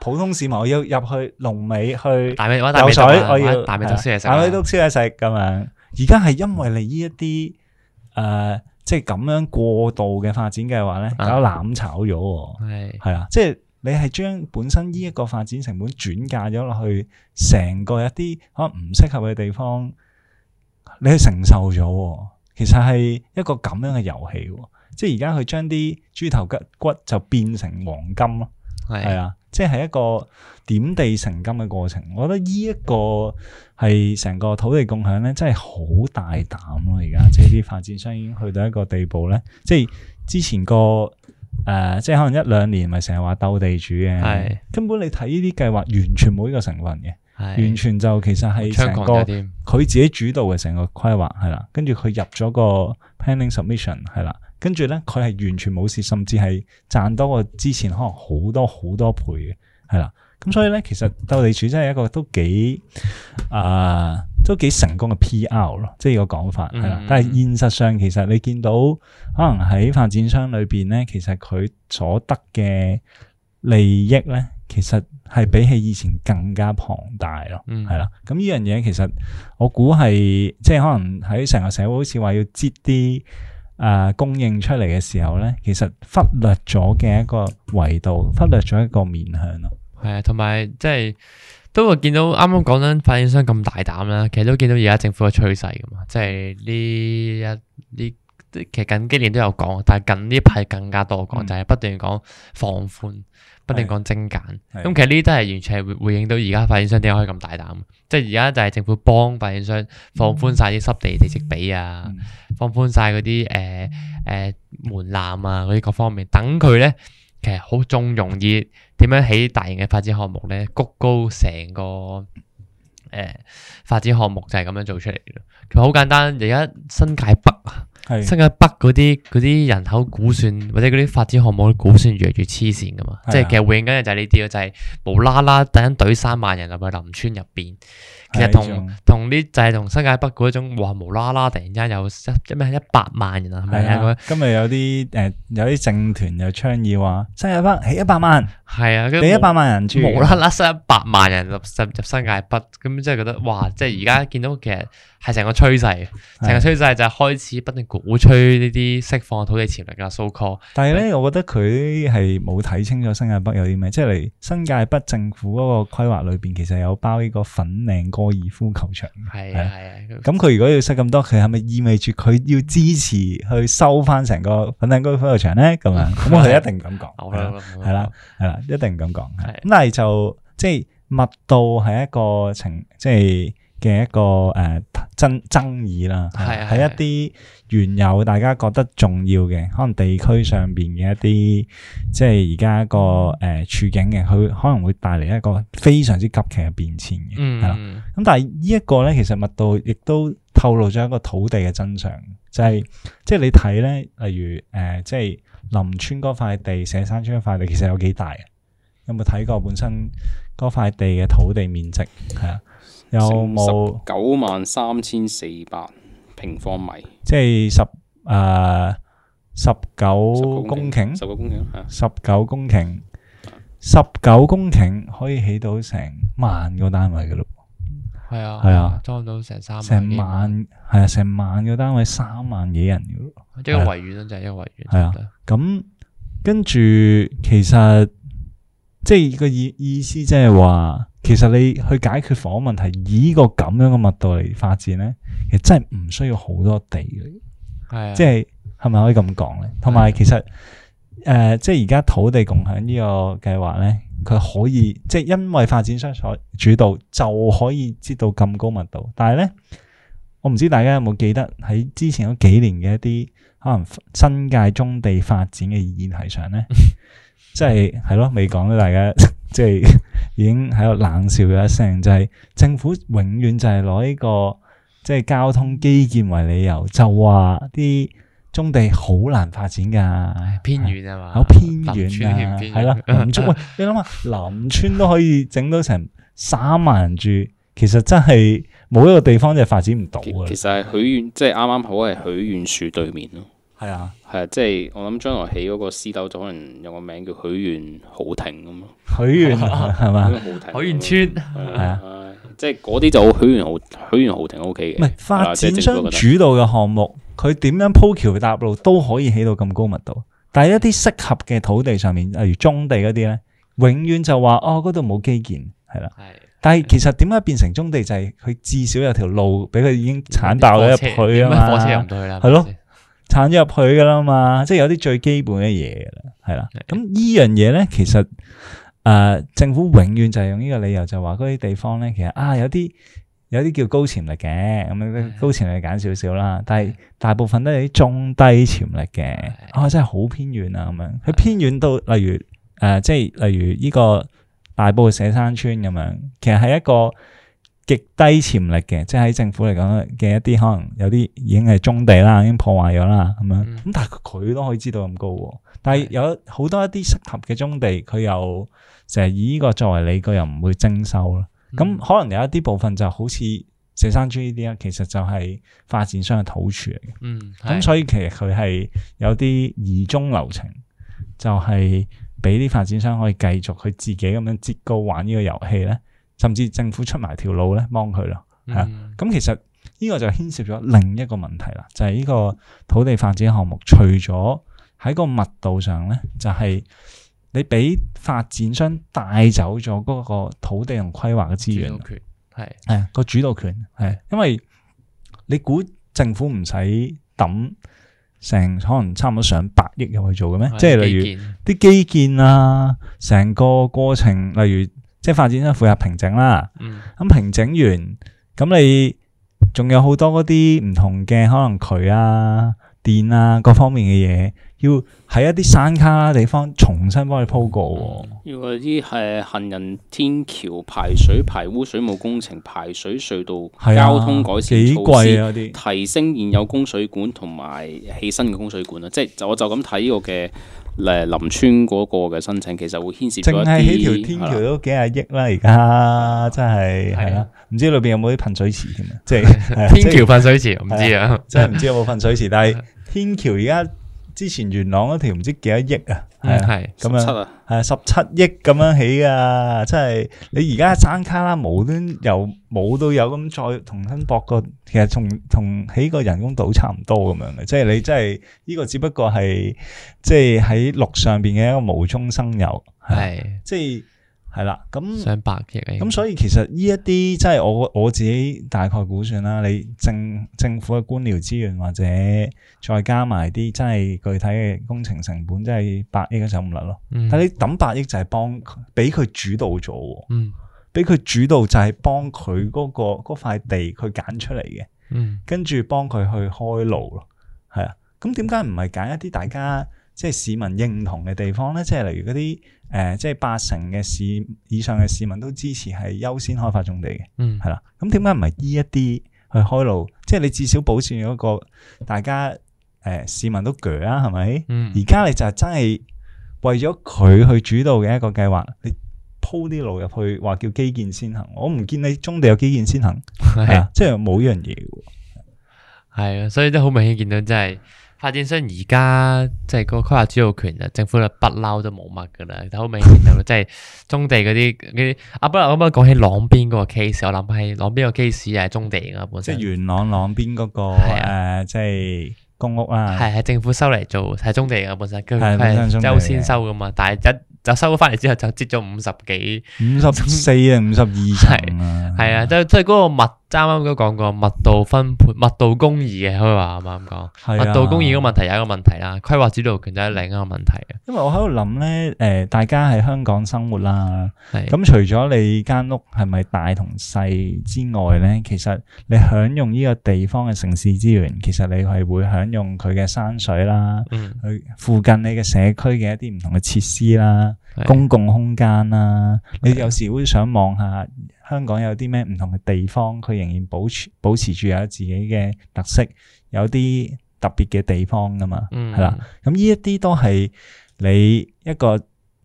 普通市民我要入去龍尾去游水，我要大尾督燒嘢食，大尾督燒嘢食咁樣。而家係因為你呢一啲誒。即係咁樣過度嘅發展計劃咧，搞攬炒咗，係係啊！即係你係將本身呢一個發展成本轉嫁咗落去成個一啲可能唔適合嘅地方，你去承受咗，其實係一個咁樣嘅遊戲。即係而家佢將啲豬頭骨骨就變成黃金咯，係啊。即係一個點地成金嘅過程，我覺得呢一個係成個土地共享咧，真係好大膽咯而家，即係啲發展商已經去到一個地步咧，即係之前個誒、呃，即係可能一兩年咪成日話鬥地主嘅，係是根本你睇呢啲計劃完全冇呢個成分嘅，是完全就其實係成個佢自己主導嘅成個規劃係啦，跟住佢入咗個 planning submission 係啦。跟住咧，佢係完全冇事，甚至係賺多過之前可能好多好多倍嘅，係啦。咁所以咧，其實鬥地主真係一個都幾啊，都幾成功嘅 PR 咯，即係個講法係啦。但係現實上，嗯嗯嗯、其實你見到可能喺發展商裏邊咧，其實佢所得嘅利益咧，其實係比起以前更加龐大咯，係啦。咁呢樣嘢其實我估係即係可能喺成個社會好似話要接啲。誒、呃、供應出嚟嘅時候咧，其實忽略咗嘅一個維度，忽略咗一個面向咯。係啊、嗯，同埋即係都會見到啱啱講緊發展商咁大膽啦，其實都見到而家政府嘅趨勢㗎嘛，即係呢一呢，其實近幾年都有講，但係近呢排更加多講，就係、是、不斷講放寬。嗯不定講精簡，咁的其實呢啲都係完全係回應到而家發展商點解可以咁大膽。即係而家就係政府幫發展商放寬晒啲濕地地積比啊，放寬晒嗰啲誒誒門檻啊嗰啲各方面，等佢咧其實好縱容易點樣起大型嘅發展項目咧，谷高成個誒、呃、發展項目就係咁樣做出嚟咯。其實好簡單，而家新界北。新界北嗰啲啲人口估算，或者嗰啲發展項目嘅估算越嚟越黐線㗎嘛，啊、即係其實反映緊嘅就係呢啲咯，就係、是、無啦啦突然間堆三萬人入去林村入邊，其實 tat oo, 同同啲就係同新界北嗰種哇無啦啦突然間有一一咩一百萬人係咪啊？今日有啲誒有啲政團又倡議話新界北起一百萬，係啊，起一百萬人，無啦啦塞一百萬人入新人入新界北咁即係覺得哇！即係而家見到其實。係成個趨勢，成個趨勢就係開始不斷鼓吹呢啲釋放土地潛力啊！So call，但係咧，我覺得佢係冇睇清楚新界北有啲咩，即係嚟新界北政府嗰個規劃裏邊，其實有包呢個粉嶺高爾夫球場。係啊係啊，咁佢如果要塞咁多，佢係咪意味住佢要支持去收翻成個粉嶺高爾夫球場咧？咁樣，咁我哋一定咁講，係啦，係啦，一定咁講。咁嚟就即係密度係一個情，即係。嘅一個誒、呃、爭爭議啦，係喺是一啲原有大家覺得重要嘅，可能地區上邊嘅一啲，即係而家個誒、呃、處境嘅，佢可能會帶嚟一個非常之急劇嘅變遷嘅。嗯，咁但係呢一個咧，其實密度亦都透露咗一個土地嘅真相，就係、是、即係你睇咧，例如誒、呃，即係林村嗰塊地、社山村嗰塊地，其實有幾大？有冇睇過本身嗰塊地嘅土地面積？係啊。有冇九萬三千四百平方米？即係十誒十九公頃，十九公頃，十九公頃，十九公頃可以起到成萬個單位嘅咯。係啊，係啊，裝到成三萬成萬係啊，成萬個單位，三萬嘢人嘅一個維園咯，就係一個維園。係啊，咁跟住其實即係個意意思，即係話。其實你去解決房屋問題以呢個咁樣嘅密度嚟發展呢，其實真係唔需要好多地嘅，即係係咪可以咁講呢？同埋其實誒，即係而家土地共享呢個計劃呢，佢可以即係因為發展商所主導，就可以知道咁高密度。但係呢，我唔知大家有冇記得喺之前嗰幾年嘅一啲可能新界棕地發展嘅議題上呢，即係係咯未講到大家。 *laughs* 即係已經喺度冷笑咗一聲，就係、是、政府永遠就係攞呢個即係、就是、交通基建為理由，就話啲棕地好難發展㗎，偏遠啊嘛，好、啊、偏遠啊，係啦，林村 *laughs* 你諗下，林村都可以整到成三萬人住，其實真係冇一個地方就發展唔到㗎。其實係許願，即係啱啱好係許願樹對面咯。係啊，係啊，啊，即係我諗將來起嗰個私樓，就可能有個名叫許願豪庭咁咯。許願係咪？許願村係啊，啊啊啊即係嗰啲就許願豪許願豪庭 O K 嘅。唔係發展商主導嘅項目，佢點樣鋪橋搭路都可以起到咁高密度。但係一啲適合嘅土地上面，例如棕地嗰啲咧，永遠就話哦，嗰度冇基建係啦。係、啊，啊、但係其實點解變成棕地就係、是、佢至少有條路俾佢已經鏟爆咗入去啊火車入唔到去啦。係咯。撐咗入去噶啦嘛，即係有啲最基本嘅嘢噶啦，係啦。咁的呢樣嘢咧，其實誒、呃，政府永遠就係用呢個理由就話嗰啲地方咧，其實啊，有啲有啲叫高潛力嘅，咁高潛力揀少少啦。的但係大部分都係啲中低潛力嘅，的啊，真係好偏遠啊，咁樣。佢偏遠到，例如誒、呃，即係例如呢個大埔嘅社山村咁樣，其實係一個。極低潛力嘅，即係喺政府嚟講嘅一啲，可能有啲已經係棕地啦，已經破壞咗啦，咁樣。咁、嗯、但係佢都可以知道咁高。但係有好多一啲適合嘅棕地，佢又成日以呢個作為理據，又唔會徵收咯。咁、嗯、可能有一啲部分就好似蛇生村呢啲啊，其實就係發展商嘅土儲嚟嘅。嗯，咁所以其實佢係有啲二中流程，就係俾啲發展商可以繼續佢自己咁樣折高玩呢個遊戲咧。甚至政府出埋條路咧，幫佢咯，係啊、嗯。咁其實呢個就牽涉咗另一個問題啦，就係、係、呢個土地發展項目，除咗喺個密度上咧，就係、係、你俾發展商帶走咗嗰個土地同規劃嘅資源，係係個主導權係，因為你估政府唔使抌成可能差唔多上百億入去做嘅咩？係即係例如啲基，建基建啊，成個過程例如。即係發展出符合平整啦，咁、嗯啊、平整完，咁你仲有好多嗰啲唔同嘅可能渠啊、電啊各方面嘅嘢，要喺一啲山卡地方重新幫佢鋪過、哦。要啲係行人天橋、排水、排污水務工程、排水隧道、交通改善措施、幾貴啊，提升現有供水管同埋起新嘅供水管啊，即係就我就咁睇呢個嘅。誒，林村嗰個嘅申請其實會牽涉淨係起條天橋都幾廿億啦，而家 *laughs* 真係係啦，唔知裏邊有冇啲噴水池，即係 *laughs* *laughs* 天橋噴水池，唔 *laughs* 知啊，真係唔知有冇噴水池， *laughs* 但係天橋而家。之前元朗嗰條唔知幾多億啊，係啊，咁樣，係十七億咁樣起噶，真係你而家生卡啦，冇端又冇都有咁再重新博個，其實同同起個人工島差唔多咁樣嘅，即係你即係呢個只不過係即係喺陸上邊嘅一個無中生有，係是即係。係啦，咁上百億咁，所以其實呢一啲即係我我自己大概估算啦，你政政府嘅官僚資源或者再加埋啲，真係具體嘅工程成本，即係百億嘅成本率咯。嗯、但係你抌百億就係幫俾佢主導咗，俾佢、嗯、主導就係幫佢嗰個嗰塊地佢揀出嚟，嘅，嗯、跟住幫佢去開路咯，係啊。咁點解唔係揀一啲大家？即係市民認同嘅地方咧，即係例如嗰啲誒，即係八成嘅市以上嘅市民都支持係優先開發棕地嘅，嗯，係啦。咁點解唔係依一啲去開路？即係你至少保證嗰個大家誒、呃、市民都鋸啊，係咪？而家、嗯、你就係真係為咗佢去主導嘅一個計劃，你鋪啲路入去，話叫基建先行，我唔見你棕地有基建先行，係啊，即係冇一樣嘢嘅。係啊，所以都好明顯見到真係。 *laughs* 發展商而家即係個規劃主導權啊，政府就不嬲都冇乜噶啦。但係好明顯就，即係中地嗰啲，啲阿、 *laughs* 啊、不，可唔可以講起朗邊嗰個 case？我諗起朗邊個 case 又係中地嘅，啊。本身。即係元朗朗邊嗰個誒，即係公屋啊。係啊，政府收嚟做係中地嘅。本身，跟住係周先收噶嘛。但係一就收咗翻嚟之後，就接咗五十幾，五十四啊，五十二係係啊，就即、是、係個物。啱啱都講過密度分配、密度公義嘅，佢話啱啱講，密度公義個問題有一個問題啦，規劃指導權真係另一個問題啊！因為我喺度諗咧，誒、呃，大家喺香港生活啦，咁的除咗你間屋係咪大同細之外咧，其實你享用呢個地方嘅城市資源，其實你係會享用佢嘅山水啦，去、嗯、附近你嘅社區嘅一啲唔同嘅設施啦、的公共空間啦，的你有時會想望下。香港有啲咩唔同嘅地方，佢仍然保持保持住有自己嘅特色，有啲特別嘅地方噶嘛，係啦、嗯。咁呢一啲都係你一個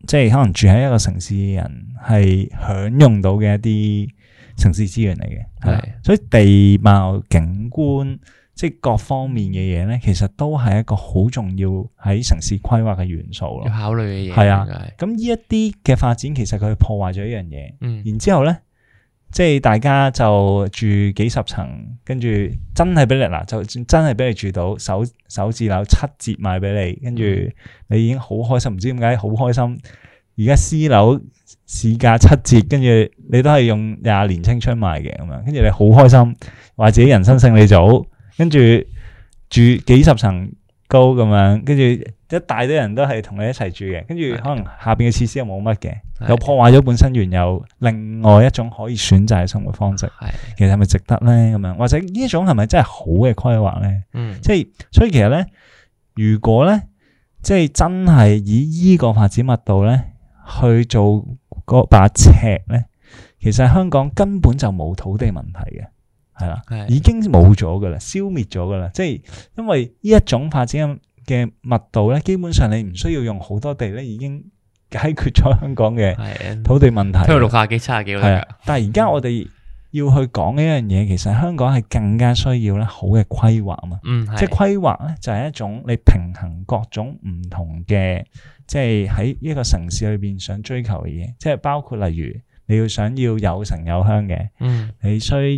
即係可能住喺一個城市嘅人係享用到嘅一啲城市資源嚟嘅，係的。的所以地貌景觀即係各方面嘅嘢咧，其實都係一個好重要喺城市規劃嘅元素咯，要考慮嘅嘢。係啊，咁呢一啲嘅發展，其實佢破壞咗一樣嘢，嗯、然之後咧。即係大家就住幾十層，跟住真係俾你嗱，就真係俾你住到，首首置樓七折賣俾你，跟住你已經好開心，唔知點解好開心。而家私樓市價七折，跟住你都係用廿年青春賣嘅咁樣，跟住你好開心，話自己人生勝利組，跟住住幾十層高咁樣，跟住。一大堆人都係同你一齊住嘅，跟住可能下邊嘅設施又冇乜嘅，又破壞咗本身原有另外一種可以選擇嘅生活方式。其實係咪值得咧？咁樣或者呢種係咪真係好嘅規劃咧？嗯，即係所以其實咧，如果咧即係真係以依個發展密度咧去做嗰把尺咧，其實香港根本就冇土地問題嘅，係啦，已經冇咗噶啦，消滅咗噶啦，即係因為呢一種發展咁。嘅密度咧，基本上你唔需要用好多地咧，已經解決咗香港嘅土地問題。佢六十幾、七十幾，係啊。但係而家我哋要去講呢樣嘢，其實香港係更加需要咧好嘅規劃啊嘛。嗯，即係規劃咧就係一種你平衡各種唔同嘅，即係喺一個城市裏邊想追求嘅嘢，即係包括例如你要想要有城有鄉嘅，嗯，你需要誒，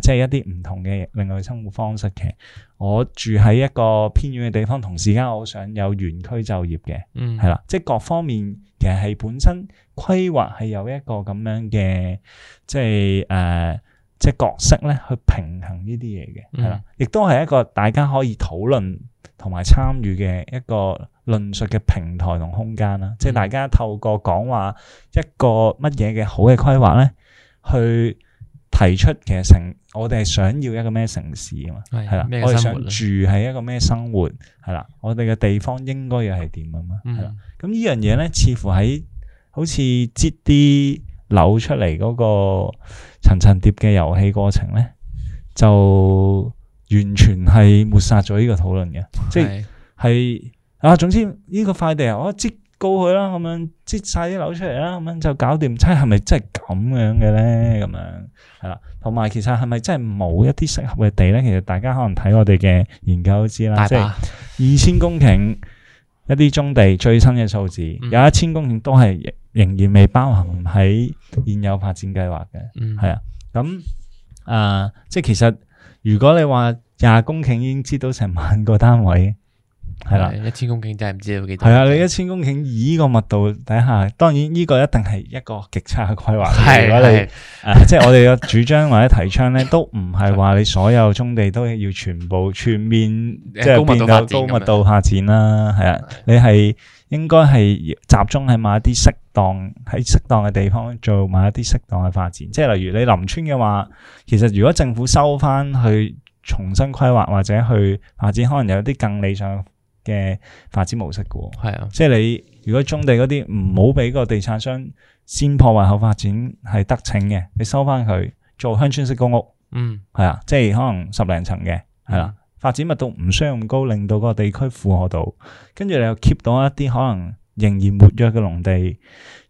即係一啲唔同嘅另外生活方式嘅。我住喺一個偏遠嘅地方，同時間我好想有園區就業嘅，係啦、嗯，即係各方面其實係本身規劃係有一個咁樣嘅，即係誒、呃，即係角色咧去平衡呢啲嘢嘅，係啦、嗯，亦都係一個大家可以討論同埋參與嘅一個論述嘅平台同空間啦，嗯、即係大家透過講話一個乜嘢嘅好嘅規劃咧，去。提出其實城，我哋係想要一個咩城市啊嘛，係啦的。的我哋想住喺一個咩生活，係啦。我哋嘅地方應該又係點啊嘛，係啦。咁呢、嗯、樣嘢咧，似乎喺好似擠啲樓出嚟嗰個層層疊嘅遊戲過程咧，就完全係抹殺咗呢個討論嘅，的即係係啊，總之呢個塊地啊，我截。告佢啦，咁樣擠晒啲樓出嚟啦，咁樣就搞掂。是是真係咪真係咁樣嘅咧？咁樣係啦，同埋其實係咪真係冇一啲適合嘅地咧？其實大家可能睇我哋嘅研究都知啦，即係二千公頃一啲棕地最新嘅數字，有一千公頃都係仍然未包含喺現有發展計劃嘅。係啊、嗯，咁啊、呃，即係其實如果你話廿公頃已經知道成萬個單位。係啦，一千公頃真係唔知要幾多。係啊，你一千公頃以呢個密度底下，當然呢個一定係一個極差嘅規劃。係的，即係、 *laughs* 啊，就是，我哋嘅主張或者提倡咧，都唔係話你所有棕地都要全部全面即係的變到高密度發展啦。係啊，你係應該係集中喺某一啲適當喺適當嘅地方做某一啲適當嘅發展。即係例如你林村嘅話，其實如果政府收翻去重新規劃或者去發展，可能有啲更理想，嘅發展模式嘅喎、哦，啊，即係你如果棕地嗰啲唔好俾個地產商先破壞後發展係得逞嘅，你收翻佢做鄉村式公屋，嗯，係啊，即係可能十零層嘅，係啦、啊，發展密度唔需要咁高，令到個地區負荷到，跟住你又 keep 到一啲可能仍然活躍嘅農地，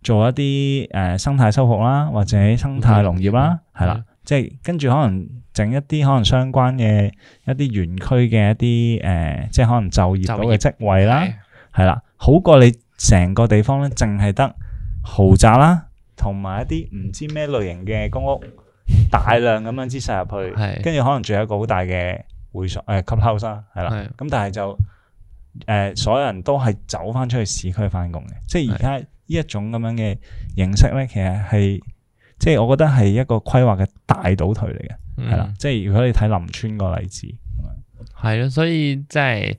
做一啲誒、呃、生態修復啦，或者生態農業啦，係啦。即係跟住可能整一啲可能相關嘅一啲園區嘅一啲誒，即係可能就業到嘅職位啦，係啦，好過你成個地方咧，淨係得豪宅啦，同埋一啲唔知咩類型嘅公屋，大量咁樣資產入去，跟住可能仲有一個好大嘅會所誒，clubhouse，係啦，咁但係就誒所有人都係走翻出去市區翻工嘅，即係而家呢一種咁樣嘅形式咧，其實係。即係我覺得係一個規劃嘅大倒退嚟嘅，係啦、嗯。即係如果你睇林村個例子，係咯。所以即係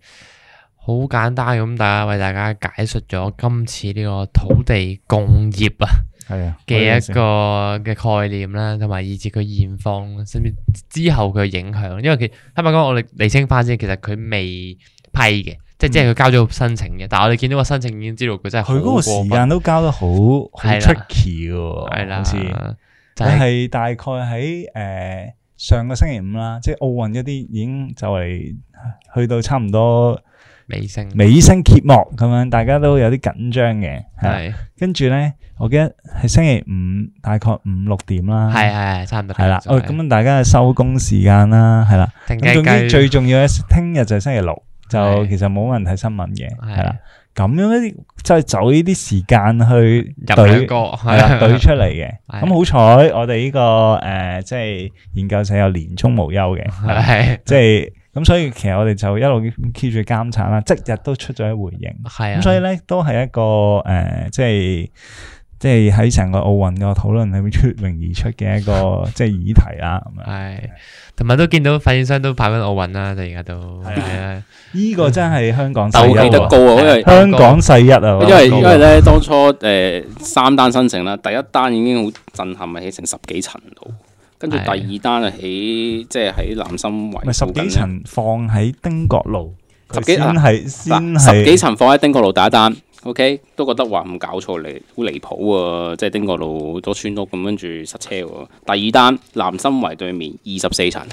好簡單咁，大家為大家解述咗今次呢個土地共孽啊，係啊嘅一個嘅概念啦，同埋、嗯、以，以至佢現況，甚至之後佢嘅影響。因為佢坦白講，我哋厘清翻先，其實佢未批嘅，即係即係佢交咗申請嘅，但係我哋見到個申請已經知道佢真係。佢嗰個時間都交得好，tricky 㗎係啦，出奇嘅，係啦，似，係大概喺誒上個星期五啦，即係奧運一啲已經就係去到差唔多尾聲，尾聲揭幕咁樣，大家都有啲緊張嘅，係。跟住咧，我記得係星期五，大概五六點啦，係係差唔多，係啦。咁啊，大家嘅收工時間啦，係啦。最重要嘅，聽日就係星期六。就其實冇人睇新聞嘅，係啦，咁樣一啲即係走呢啲時間去對，係啦，對出嚟嘅。咁好彩，我哋呢個誒即係研究社有年終無休嘅，係即係咁，所以其實我哋就一路 keep 住監察啦，即日都出咗一回應，係啊，咁所以咧都係一個誒即係。即係喺成個奧運個討論裏面出名而出嘅一個即係議題啦，係同埋都見到發展商都派翻奧運啦，而家都係啊！呢個真係香港鬥起得高啊！香港世一啊，因為因為咧當初誒三單申請啦，第一單已經好震撼，咪起成十幾層度。跟住第二單啊起即係喺南心圍，十幾層放喺汀角路，十幾係先係十幾層放喺汀角路第一單。O、okay? K，都覺得話唔搞錯嚟，好離譜喎，啊！即係丁國路好多村屋咁，跟住塞車喎。第二單，南生圍對面二十四層，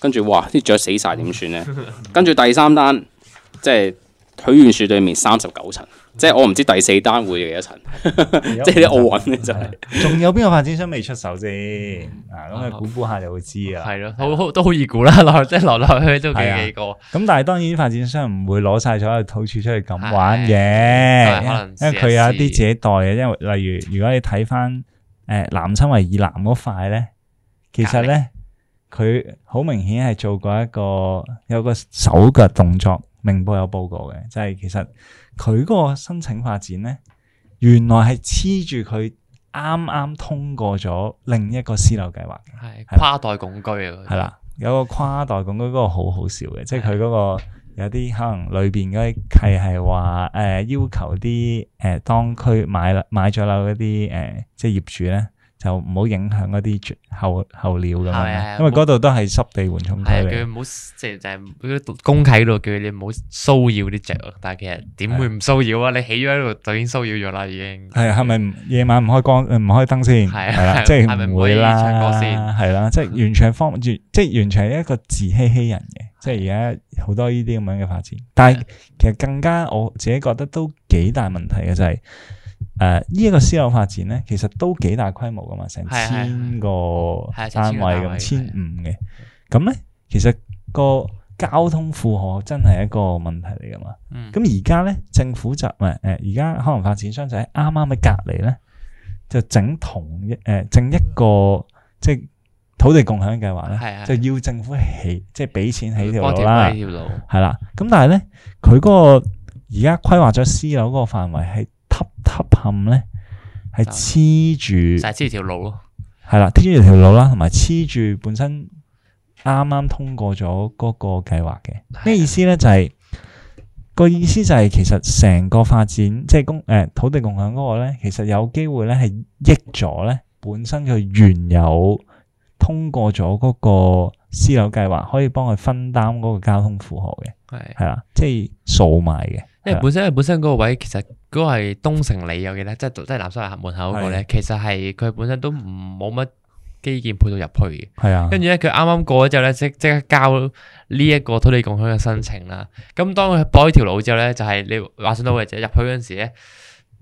跟住哇，啲雀死晒點算呢？ *laughs* 跟住第三單，即係許願樹對面三十九層。即係我唔知第四單位幾一層，嗯、 *laughs* 即係啲奧運咧就係。仲有邊個發展商未出手先？嗯、啊，咁啊估估下就會知啊，係咯，的好好都好易估啦，落去即係落落去都幾幾個。咁但係當，當然，發展商唔會攞晒所有土處出去咁玩嘅，因為佢有一啲自己代嘅。因為例如，如果你睇翻誒南生圍以南嗰塊咧，定其實咧佢好明顯係做過一個有一個手腳動作。明報有報告嘅，就係其實佢嗰個申請發展咧，原來係黐住佢啱啱通過咗另一個私樓計劃，係跨代共居啊！係啦，有個跨代共居嗰個好好笑嘅，即係佢嗰個有啲可能裏邊嗰啲契係話誒要求啲誒當區買啦買咗樓嗰啲誒即係業主咧。就唔好影響一啲候候鳥咁樣，因為嗰度都係濕地緩衝區嚟。佢唔好即係就係公啟度，叫你唔好騷擾啲雀，但係其實點會唔騷擾啊？你起咗喺度就已經騷擾咗啦，已經係係咪夜晚唔開光唔開燈先？係啦，即係唔會啦。係啦，即係完全係方住，即係完全係一個自欺欺人嘅。即係而家好多呢啲咁樣嘅發展，但係其實更加我自己覺得都幾大問題嘅就係。誒，呢一、啊這個私樓發展咧，其實都幾大規模噶嘛，成千個單位咁，千五嘅。咁咧，其實個交通負荷真係一個問題嚟噶嘛。咁而家咧，政府就係誒，而、呃、家可能發展商就喺啱啱喺隔離咧，就整同一誒、呃、整一個即係、就是、土地共享計劃咧， *noise* *noise* 就要政府起即係俾錢起條路啦，係啦。咁、 *noise* 嗯就是、 *noise* 但係咧，佢嗰、那個而家規劃咗私樓嗰個範圍係。凸凸陷咧，係黐住，係黐條路咯，係啦，黐住條路啦，同埋黐住本身啱啱通過咗嗰個計劃嘅。咩的意思咧？就係、是、個意思就係、是，其實成個發展即係公誒、欸、土地共享嗰個咧，其實有機會咧係益咗咧本身佢原有通過咗嗰個私樓計劃，可以幫佢分擔嗰個交通負荷嘅，係係啦，即係掃賣嘅。因為本身，本身嗰個位其實嗰個係東城里有嘅，我記得，即係即係南生圍門口嗰、那個咧，是的 其實係佢本身都唔冇乜基建配套入去嘅。係啊，跟住咧佢啱啱過咗之後咧，即即刻交呢一個土地共享嘅申請啦。咁當佢開條路之後咧，就係、是、你劃上到嘅就入去嗰陣時咧，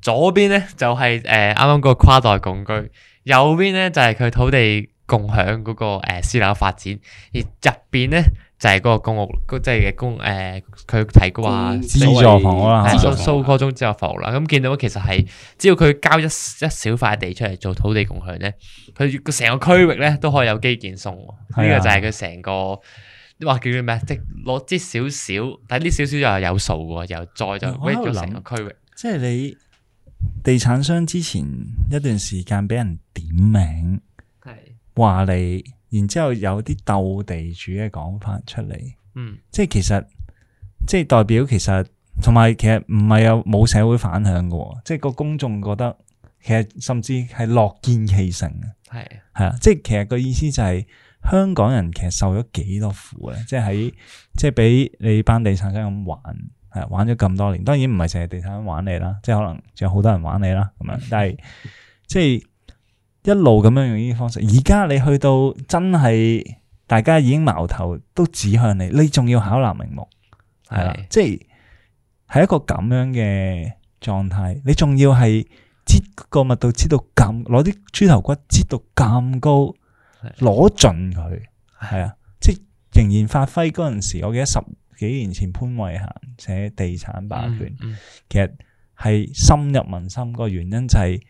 左邊咧就係誒啱啱嗰個跨代共居，右邊咧就係、是、佢土地共享嗰、那個私樓、呃、發展，而入邊咧。就係嗰個公屋，即係嘅公誒，佢提供啊，資助房啦，收嗰種資助房啦。咁見到其實係，只要佢交一一小塊地出嚟做土地共享咧，佢成個區域咧都可以有基建送。呢、啊、個就係佢成個你話叫咩？即攞啲少少，但呢少少又係有數嘅，又再就惠及成個區域。即係、就是、你地產商之前一段時間俾人點名，係話是你。然之後有啲鬥地主嘅講法出嚟，嗯，即係其實即係代表其實同埋其實唔係有冇社會反響嘅、哦，即係個公眾覺得其實甚至係樂見其成嘅，係係是啊，即係其實個意思就係、是、香港人其實受咗幾多苦咧， *laughs* 即係喺即係俾你班地產商咁玩，係、啊、玩咗咁多年，當然唔係成日地產玩你啦，即係可能仲有好多人玩你啦咁樣，嗯、但係即係。一路咁樣用呢啲方式，而家你去到真係，大家已經矛頭都指向你，你仲要巧立名目，係啦的，即係係一個咁樣嘅狀態，你仲要係支個密度支到咁，攞啲豬頭骨支到咁高，攞盡佢，係啊，即係仍然發揮嗰陣時，我記得十幾年前潘慧嫻寫地產霸權，嗯嗯其實係深入民心個原因就係、是。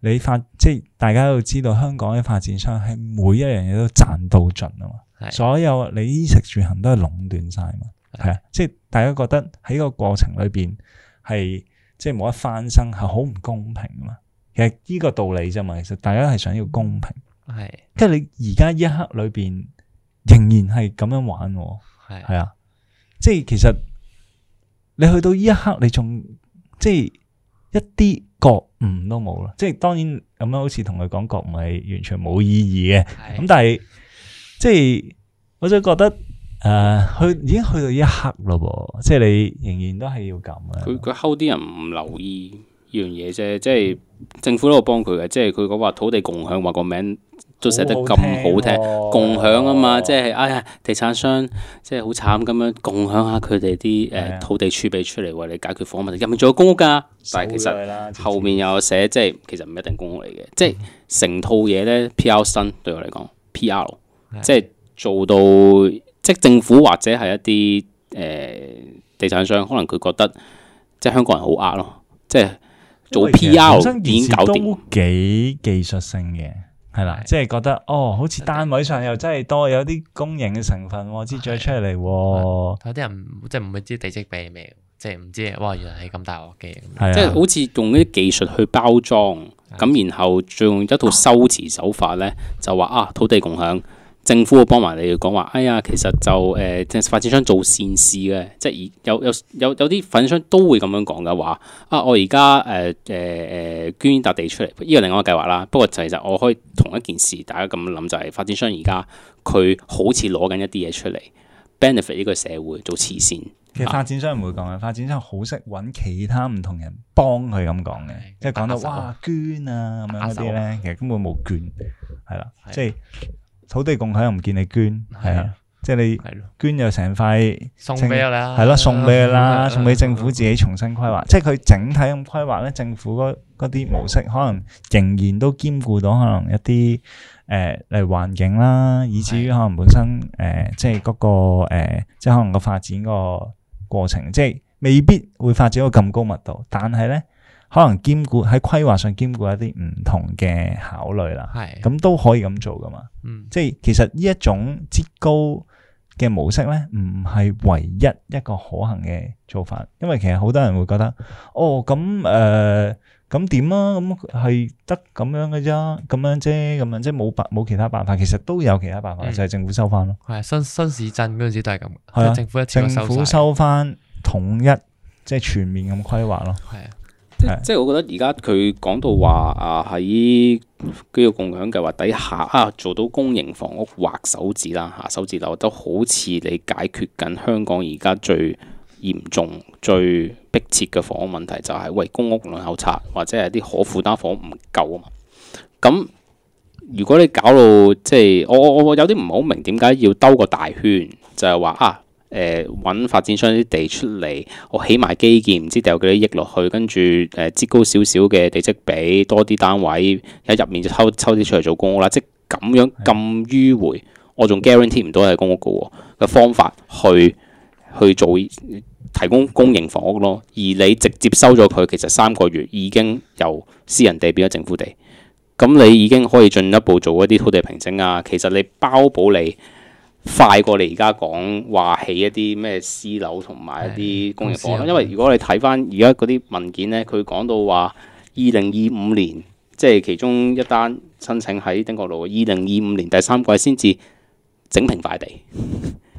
你發即係大家都知道，香港嘅發展商係每一樣嘢都賺到盡啊嘛，是的 所有你衣食住行都係壟斷晒嘛，係啊，即係大家覺得喺個過程裏邊係即係冇得翻身，係好唔公平啊嘛。其實呢個道理啫嘛，其實大家係想要公平，係跟住你而家一刻裏邊仍然係咁樣玩，係係啊，即係其實你去到呢一刻你，你仲即係一啲。覺悟都冇啦，即係當然咁樣，好似同佢講覺悟係完全冇意義嘅。咁是的 但係即係，我就覺得誒，去、呃、已經去到一刻咯噃，即係你仍然都係要咁嘅。佢佢後啲人唔留意呢樣嘢啫，即係政府都有幫佢嘅，即係佢講話土地共享，話個名，都寫得咁好聽，共享啊嘛，即係哎呀，地產商即係好慘咁、嗯、樣共享下佢哋啲誒土地儲備出嚟，為你解決房屋問題。入面仲有公屋㗎，但係其實後面又有寫，即係其實唔一定公屋嚟嘅，即係成、嗯、套嘢咧。PR 新對我嚟講，PR 即係做到是即係政府或者係一啲誒、呃、地產商，可能佢覺得即係香港人好呃咯，即係做 PR 已經搞掂，幾技術性嘅。係啦，即係覺得哦，好似單位上又真係多，有啲公營嘅成分，之再的出嚟，有啲人即係唔會知地積比咩，即係唔知哇，原來係咁大鑊嘅，的的即係好似用一啲技術去包裝，咁的然後再用一套修辭手法咧，啊、就話啊土地共享。政府會幫埋你講話，哎呀，其實就誒，即係發展商做善事嘅，即係有有有有啲發展商都會咁樣講嘅話啊，我而家誒誒誒捐笪地出嚟，呢個另一個計劃啦。不過就其實我可以同一件事，大家咁諗，就係發展商而家佢好似攞緊一啲嘢出嚟，benefit 呢個社會做慈善。其實發展商唔會講嘅，發展商好識揾其他唔同人幫佢咁講嘅，即係講到哇捐啊咁樣嗰啲咧，其實根本冇捐係啦，即係。就是土地共享又唔見你捐，係啊，啊即係你捐又成塊送畀佢啦，係咯送畀佢啦，送畀，啊、政府自己重新規劃。啊、即係佢整體咁規劃咧，政府嗰啲模式可能仍然都兼顧到可能一啲誒、呃、例如環境啦，以至於可能本身誒、呃、即係、那、嗰個誒、呃、即係可能個發展個過程，即係未必會發展到咁高密度，但係咧。可能兼顧喺規劃上兼顧一啲唔同嘅考慮啦，係咁都可以咁做噶嘛，嗯，即係其實呢一種折高嘅模式咧，唔係唯一一個可行嘅做法，因為其實好多人會覺得，哦咁誒咁點啊？咁係得咁樣嘅啫，咁樣啫，咁樣即係冇辦冇其他辦法，其實都有其他辦法，嗯、就係政府收翻咯，係新新市鎮嗰陣時都係咁，係啊，政府一政府收翻統，統一即係、就係、全面咁規劃咯，係啊。嗯即即係我覺得而家佢講到話啊，喺居屋共享計劃底下啊，做到公營房屋劃手指啦嚇手指流，都好似你解決緊香港而家最嚴重最迫切嘅房屋問題，就係、是、喂公屋輪候冊，或者係啲可負擔房屋唔夠啊嘛。咁如果你搞到即係，我我我有啲唔係好明點解，要兜個大圈，就係、是、話啊？誒揾、呃、發展商啲地出嚟，我起埋基建，唔知掉幾多億落去，跟住誒折高少少嘅地積比，多啲單位，喺入面就抽抽啲出嚟做公屋啦。即係咁樣咁迂回，我仲 guarantee 唔到係公屋嘅喎嘅方法去去做提供公營房屋咯。而你直接收咗佢，其實三個月已經由私人地變咗政府地，咁你已經可以進一步做一啲土地平整啊。其實你包保你。快過嚟！而家講話起一啲咩私樓同埋一啲工業房，因為如果你睇翻而家嗰啲文件呢，佢講到話二零二五年，即係其中一單申請喺丁國路，二零二五年第三季先至整平塊地。 *laughs*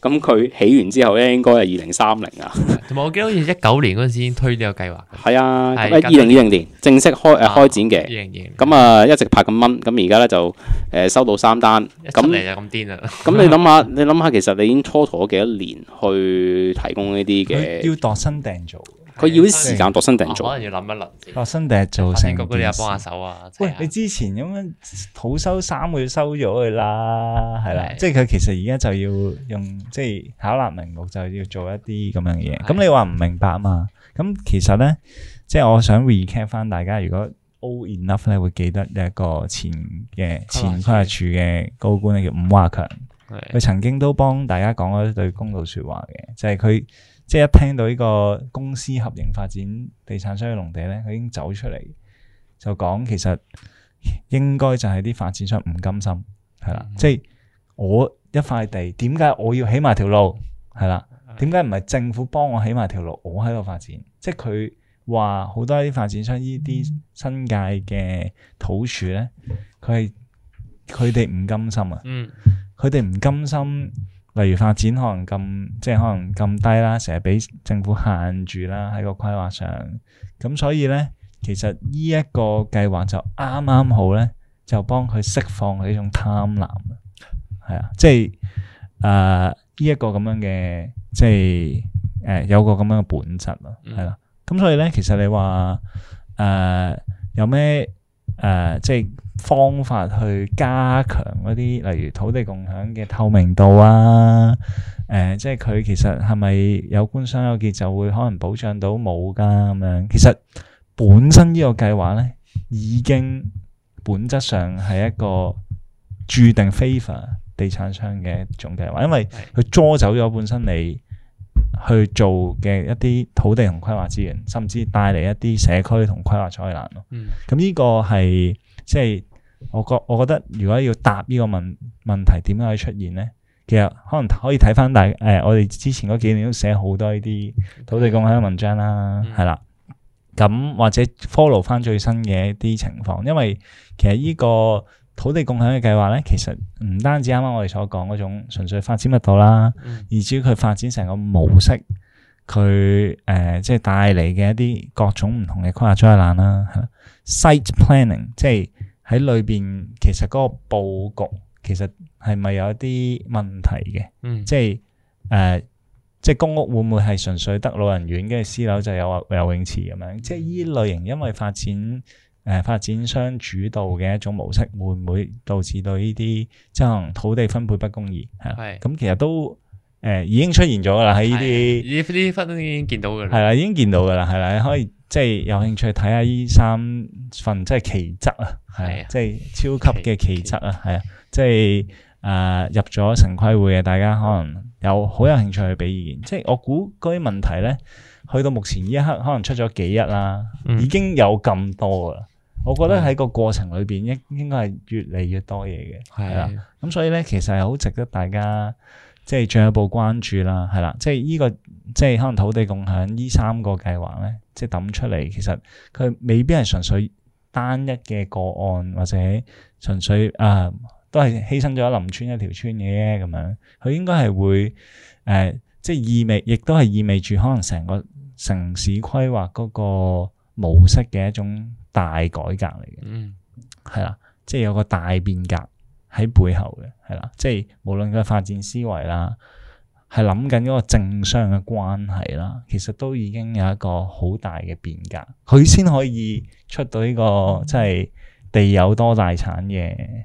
咁佢起完之後咧，應該係二零三零啊。同埋我記得好似一九年嗰陣時已經推呢個計劃。係啊，咁二零二零年正式開誒、啊、開展嘅。二零二零咁啊，啊 *laughs* 一直拍緊蚊，咁而家咧就誒收到三單。咁咁你諗下，你諗下，其實你已經蹉跎咗幾多年去提供呢啲嘅，要度身訂造。佢要啲時間度身訂做、哦，可能要諗一諗。度身訂做成個嗰啲又幫下手啊！喂，你之前咁樣討收三個要收咗佢啦，係啦的。的即係佢其實而家就要用，即係考覈名目就要做一啲咁樣嘢。咁的你話唔明白啊嘛？咁其實咧，即係我想 recap 翻大家，如果 old enough 咧，會記得一個前嘅前規劃處嘅高官咧的叫伍華強，佢的曾經都幫大家講過一對公道説話嘅，就係佢。即係一聽到呢個公私合營發展地產商嘅農地咧，佢已經走出嚟就講，其實應該就係啲發展商唔甘心，係啦。嗯、即係我一塊地，點解我要起埋條路？係啦，點解唔係政府幫我起埋條路，我喺度發展？即係佢話好多啲發展商呢啲新界嘅土處咧，佢係佢哋唔甘心啊。嗯，佢哋唔甘心。嗯例如發展可能咁，即係可能咁低啦，成日畀政府限住啦，喺個規劃上，咁所以咧，其實計劃剛剛呢一個計劃就啱啱好咧，就幫佢釋放佢呢種貪婪，係啊，即係誒呢一個咁樣嘅，即係誒、呃、有個咁樣嘅本質咯，係啦、啊。咁、嗯、所以咧，其實你話誒、呃、有咩誒、呃、即係？方法去加強嗰啲，例如土地共享嘅透明度啊，誒、呃，即係佢其實係咪有官商有結就會可能保障到冇㗎？咁樣，其實本身個呢個計劃咧，已經本質上係一個注定非 a 地產商嘅總計劃，因為佢捉走咗本身你去做嘅一啲土地同規劃資源，甚至帶嚟一啲社區同規劃災難咯。咁呢、嗯、個係即係。就是我覺我覺得如果要答呢個問問題，點樣出現咧？其實可能可以睇翻大誒、呃，我哋之前嗰幾年都寫好多呢啲土地共享嘅文章啦，係、嗯、啦。咁或者 follow 翻最新嘅一啲情況，因為其實呢個土地共享嘅計劃咧，其實唔單止啱啱我哋所講嗰種純粹發展密度啦，嗯、而至於佢發展成個模式，佢誒、呃、即係帶嚟嘅一啲各種唔同嘅規劃災難啦，係啦。site planning 即係。喺裏邊，其實嗰個布局其實係咪有一啲問題嘅？嗯，即係誒、呃，即係公屋會唔會係純粹得老人院跟住私樓就有游泳池咁樣？嗯、即係依類型，因為發展誒、呃、發展商主導嘅一種模式，會唔會導致到呢啲即係土地分配不公義？係是，咁、嗯、其實都誒、呃、已經出現咗㗎啦，喺呢啲依啲已經見到㗎啦，係啦，已經見到㗎啦，係啦的，可以。即係有興趣睇下呢三份即係奇質啊，係、啊、即係超級嘅奇質啊，係奇啊，即係誒、呃、入咗城規會嘅，大家可能有好有興趣去俾意見。即係我估嗰啲問題咧，去到目前呢一刻可能出咗幾日啦，嗯、已經有咁多啦。我覺得喺個過程裏邊，應應該係越嚟越多嘢嘅。係啦，咁所以咧，其實係好值得大家。即係進一步關注啦，係啦，即係呢個即係可能土地共享呢三個計劃咧，即係抌出嚟，其實佢未必係純粹單一嘅個案，或者純粹啊、呃、都係犧牲咗林村一條村嘅咁樣，佢應該係會誒、呃，即係意味亦都係意味住可能成個城市規劃嗰個模式嘅一種大改革嚟嘅，嗯，係啦，即係有個大變革。喺背後嘅係啦，即係無論佢發展思維啦，係諗緊嗰個政商嘅關係啦，其實都已經有一個好大嘅變革，佢先可以出到呢、這個即係地有多大產嘅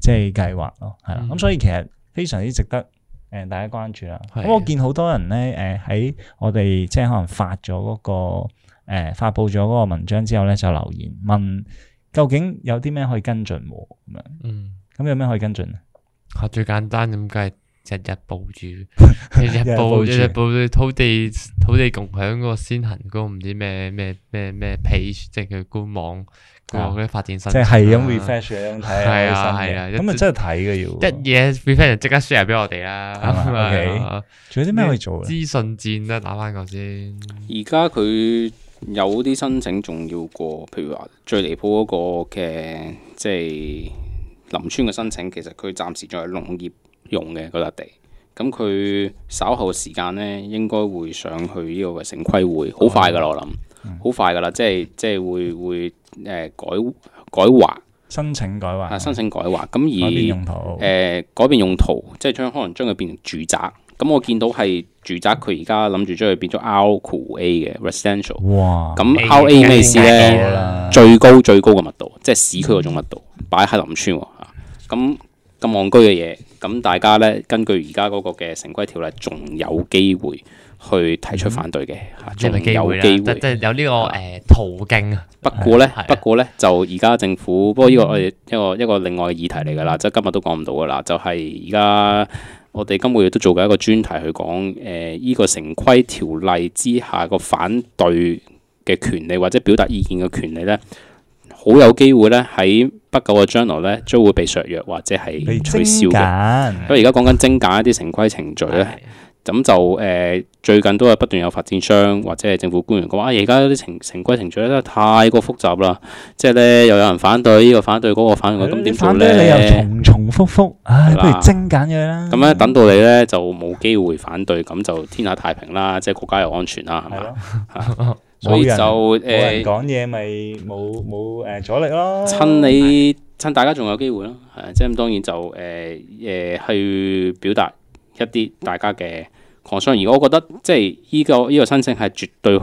即係計劃咯，係啦。咁、嗯、所以其實非常之值得誒大家關注啦。咁是的 我見好多人咧，誒、呃、喺我哋即係可能發咗嗰、那個誒、呃、發布咗嗰個文章之後咧，就留言問究竟有啲咩可以跟進咁樣，嗯。咁有咩可以跟進啊？最簡單咁梗係，日日報住，日日報，日日報對土地土地共享嗰個先行嗰個唔知咩咩咩咩 page，即係佢官網嗰啲、啊、發展申請。即係咁 refresh，咁睇啊，係啊，係啊，咁啊真係睇嘅要。一嘢 refresh 就即刻 share 俾我哋啦、啊。仲、 *laughs* okay? 有啲咩可以做咧？資訊戰啦、啊，打翻個先。而家佢有啲申請仲要過，譬如話最離譜嗰個嘅、就是，即係。林村嘅申請其實佢暫時仲係農業用嘅嗰笪地，咁、嗯、佢稍後時間咧應該會上去呢個嘅城規會，好、哦、快噶啦我諗，好、嗯、快噶啦，即係即係會會誒、呃、改改劃申請改劃啊申請改劃，咁、嗯、而誒改、呃、改變用途，即係將可能將佢變成住宅，咁、嗯、我見到係。住宅佢而家諗住將佢變咗 RQA 嘅 Residential，咁 RQA 咩意思咧？最高最高嘅密度，即係市區嗰種密度，擺喺林村吓，咁咁昂居嘅嘢，咁大家咧根據而家嗰個嘅城規條例，仲有機會去提出反對嘅，仲有機會，即係有呢個誒途徑。不過咧，不過咧，就而家政府，不過呢個我哋一個一個，一個另外嘅議題嚟噶啦，即係今日都講唔到噶啦，就係而家。就是現在現在 *laughs* 我哋今個月都做緊一個專題去，去講誒，依、這個成規條例之下個反對嘅權利，或者表達意見嘅權利咧，好有機會咧喺不久嘅將來咧，將會被削弱或者係取消嘅。因為而家講緊精簡一啲成規程序呢。 *laughs* 咁就誒，最近都係不斷有發展商或者係政府官員講啊，而家啲程程序咧真係太過複雜啦，即係咧又有人反對呢個反對嗰個反對，咁點做咧？反對你又重重複複，唉，不如精簡佢啦。咁咧等到你咧就冇機會反對，咁就天下太平啦，即係國家又安全啦，係咪？所以就誒講嘢咪冇冇誒阻力咯。趁你趁大家仲有機會咯，即係咁當然就誒誒去表達。一啲大家嘅狂想，而我覺得即係依、這個依、這個申請係絕對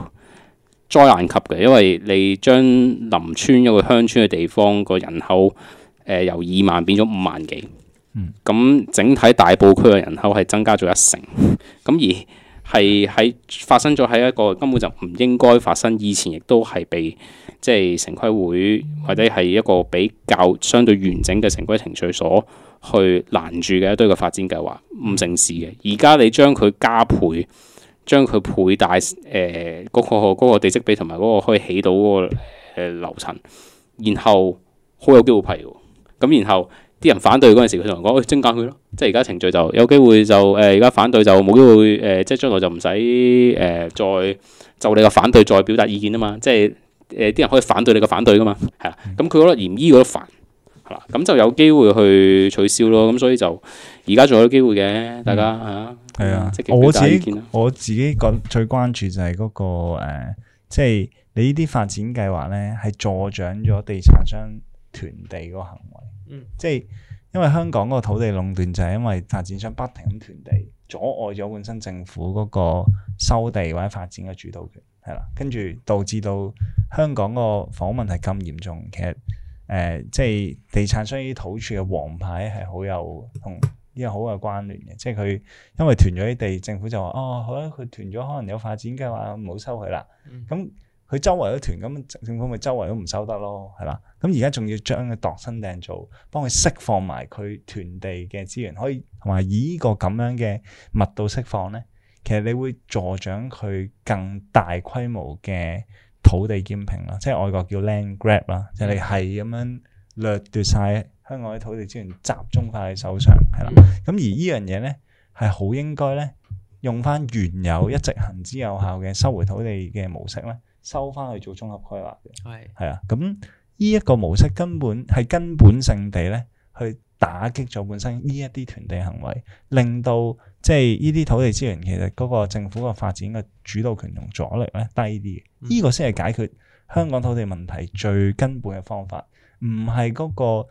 災難級嘅，因為你將林村一個鄉村嘅地方個人口，誒、呃、由二萬變咗五萬幾，咁、嗯嗯、整體大埔區嘅人口係增加咗一成，咁而係喺發生咗喺一個根本就唔應該發生，以前亦都係被即係城規會或者係一個比較相對完整嘅城規程序所。去攔住嘅一堆嘅發展計劃唔成事嘅，而家你將佢加倍，將佢倍大，誒、呃、嗰、嗰個嗰個嗰個地積比同埋嗰個可以起到嗰、嗰個誒樓層、呃、然後好有機會批嘅。咁然後啲人反對嗰陣時，佢同人講，我精簡佢咯。即係而家程序就有機會就誒，而、呃、家反對就冇機會誒、呃，即係將來就唔使誒再就你個反對再表達意見啊嘛。即係誒啲人可以反對你個反對噶嘛。係啊，咁佢覺得嫌依個煩。咁就有機會去取消咯，咁所以就而家仲有啲機會嘅，嗯、大家吓係啊！我自己我自己覺得最關注就係嗰、那個誒、即、呃、係、就是、你呢啲發展計劃咧，係助長咗地產商囤地嗰個行為。嗯，即係因為香港個土地壟斷就係因為發展商不停咁囤地，阻礙咗本身政府嗰個收地或者發展嘅主導權，係啦，跟住導致到香港個房屋問題咁嚴重，其實。誒、呃，即係地產商依啲土處嘅王牌係好有同呢個好有關聯嘅，即係佢因為囤咗啲地，政府就話：哦，好啦、啊，佢囤咗，可能有發展計劃，冇收佢啦。咁佢、嗯、周圍都囤，咁政府咪周圍都唔收得咯，係嘛？咁而家仲要將佢度身訂造，幫佢釋放埋佢囤地嘅資源，可以同埋以呢個咁樣嘅密度釋放咧，其實你會助長佢更大規模嘅。土地兼併啦，即係外國叫 land grab 啦，即係你係咁樣掠奪晒香港啲土地資源，集中喺你手上係啦。咁而依樣嘢咧係好應該咧，用翻原有一直行之有效嘅收回土地嘅模式咧，收翻去做綜合規劃。係係啊，咁依一個模式根本係根本性地咧。去打擊咗本身呢一啲囤地行為，令到即係呢啲土地資源其實嗰個政府個發展嘅主導權同阻力咧低啲，呢、這個先係解決香港土地問題最根本嘅方法，唔係嗰個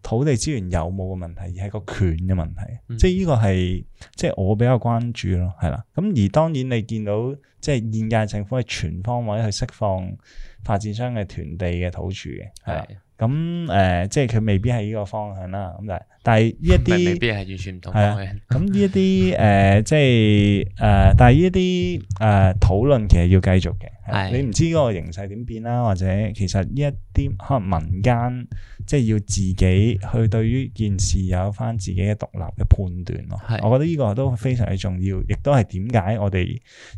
土地資源有冇嘅問題，而係個權嘅問題，即係呢個係即係我比較關注咯，係啦。咁而當然你見到即係、就是、現屆政府係全方位去釋放發展商嘅囤地嘅土儲嘅，係。咁誒、呃，即係佢未必係呢個方向啦。咁就，但係呢一啲未必係完全唔同。係啊，咁呢一啲誒，即係誒、呃，但係呢一啲誒討論，呃、其實要繼續嘅。係你唔知嗰個形勢點變啦，或者其實呢一啲可能民間即係要自己去對於件事有翻自己嘅獨立嘅判斷咯。係的，我覺得呢個都非常之重要，亦都係點解我哋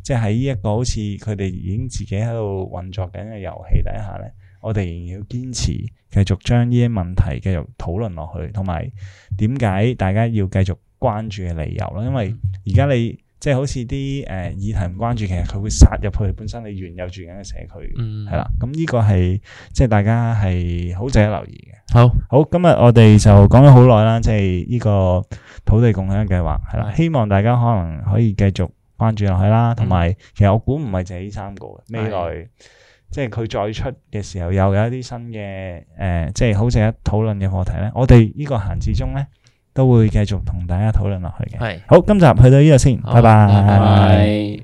即係喺呢一個好似佢哋已經自己喺度運作緊嘅遊戲底下咧。我哋仍要堅持，繼續將呢啲問題繼續討論落去，同埋點解大家要繼續關注嘅理由囉？因為而家你即係、就是、好似啲誒議題唔關注，其實佢會殺入去本身你原有住緊嘅社區，係啦、嗯。咁呢、嗯、個係即係大家係好值得留意嘅。好，好，今日我哋就講咗好耐啦，即係呢個土地共享計劃，係啦，希望大家可能可以繼續關注落去啦，同埋、嗯、其實我估唔係淨係呢三個嘅、嗯、未來。即係佢再出嘅時候，又有一啲新嘅誒、呃，即係好值得討論嘅課題咧。我哋呢個閒置中咧，都會繼續同大家討論落去嘅。係是。好，今集去到呢度先，哦、拜拜。拜拜拜拜。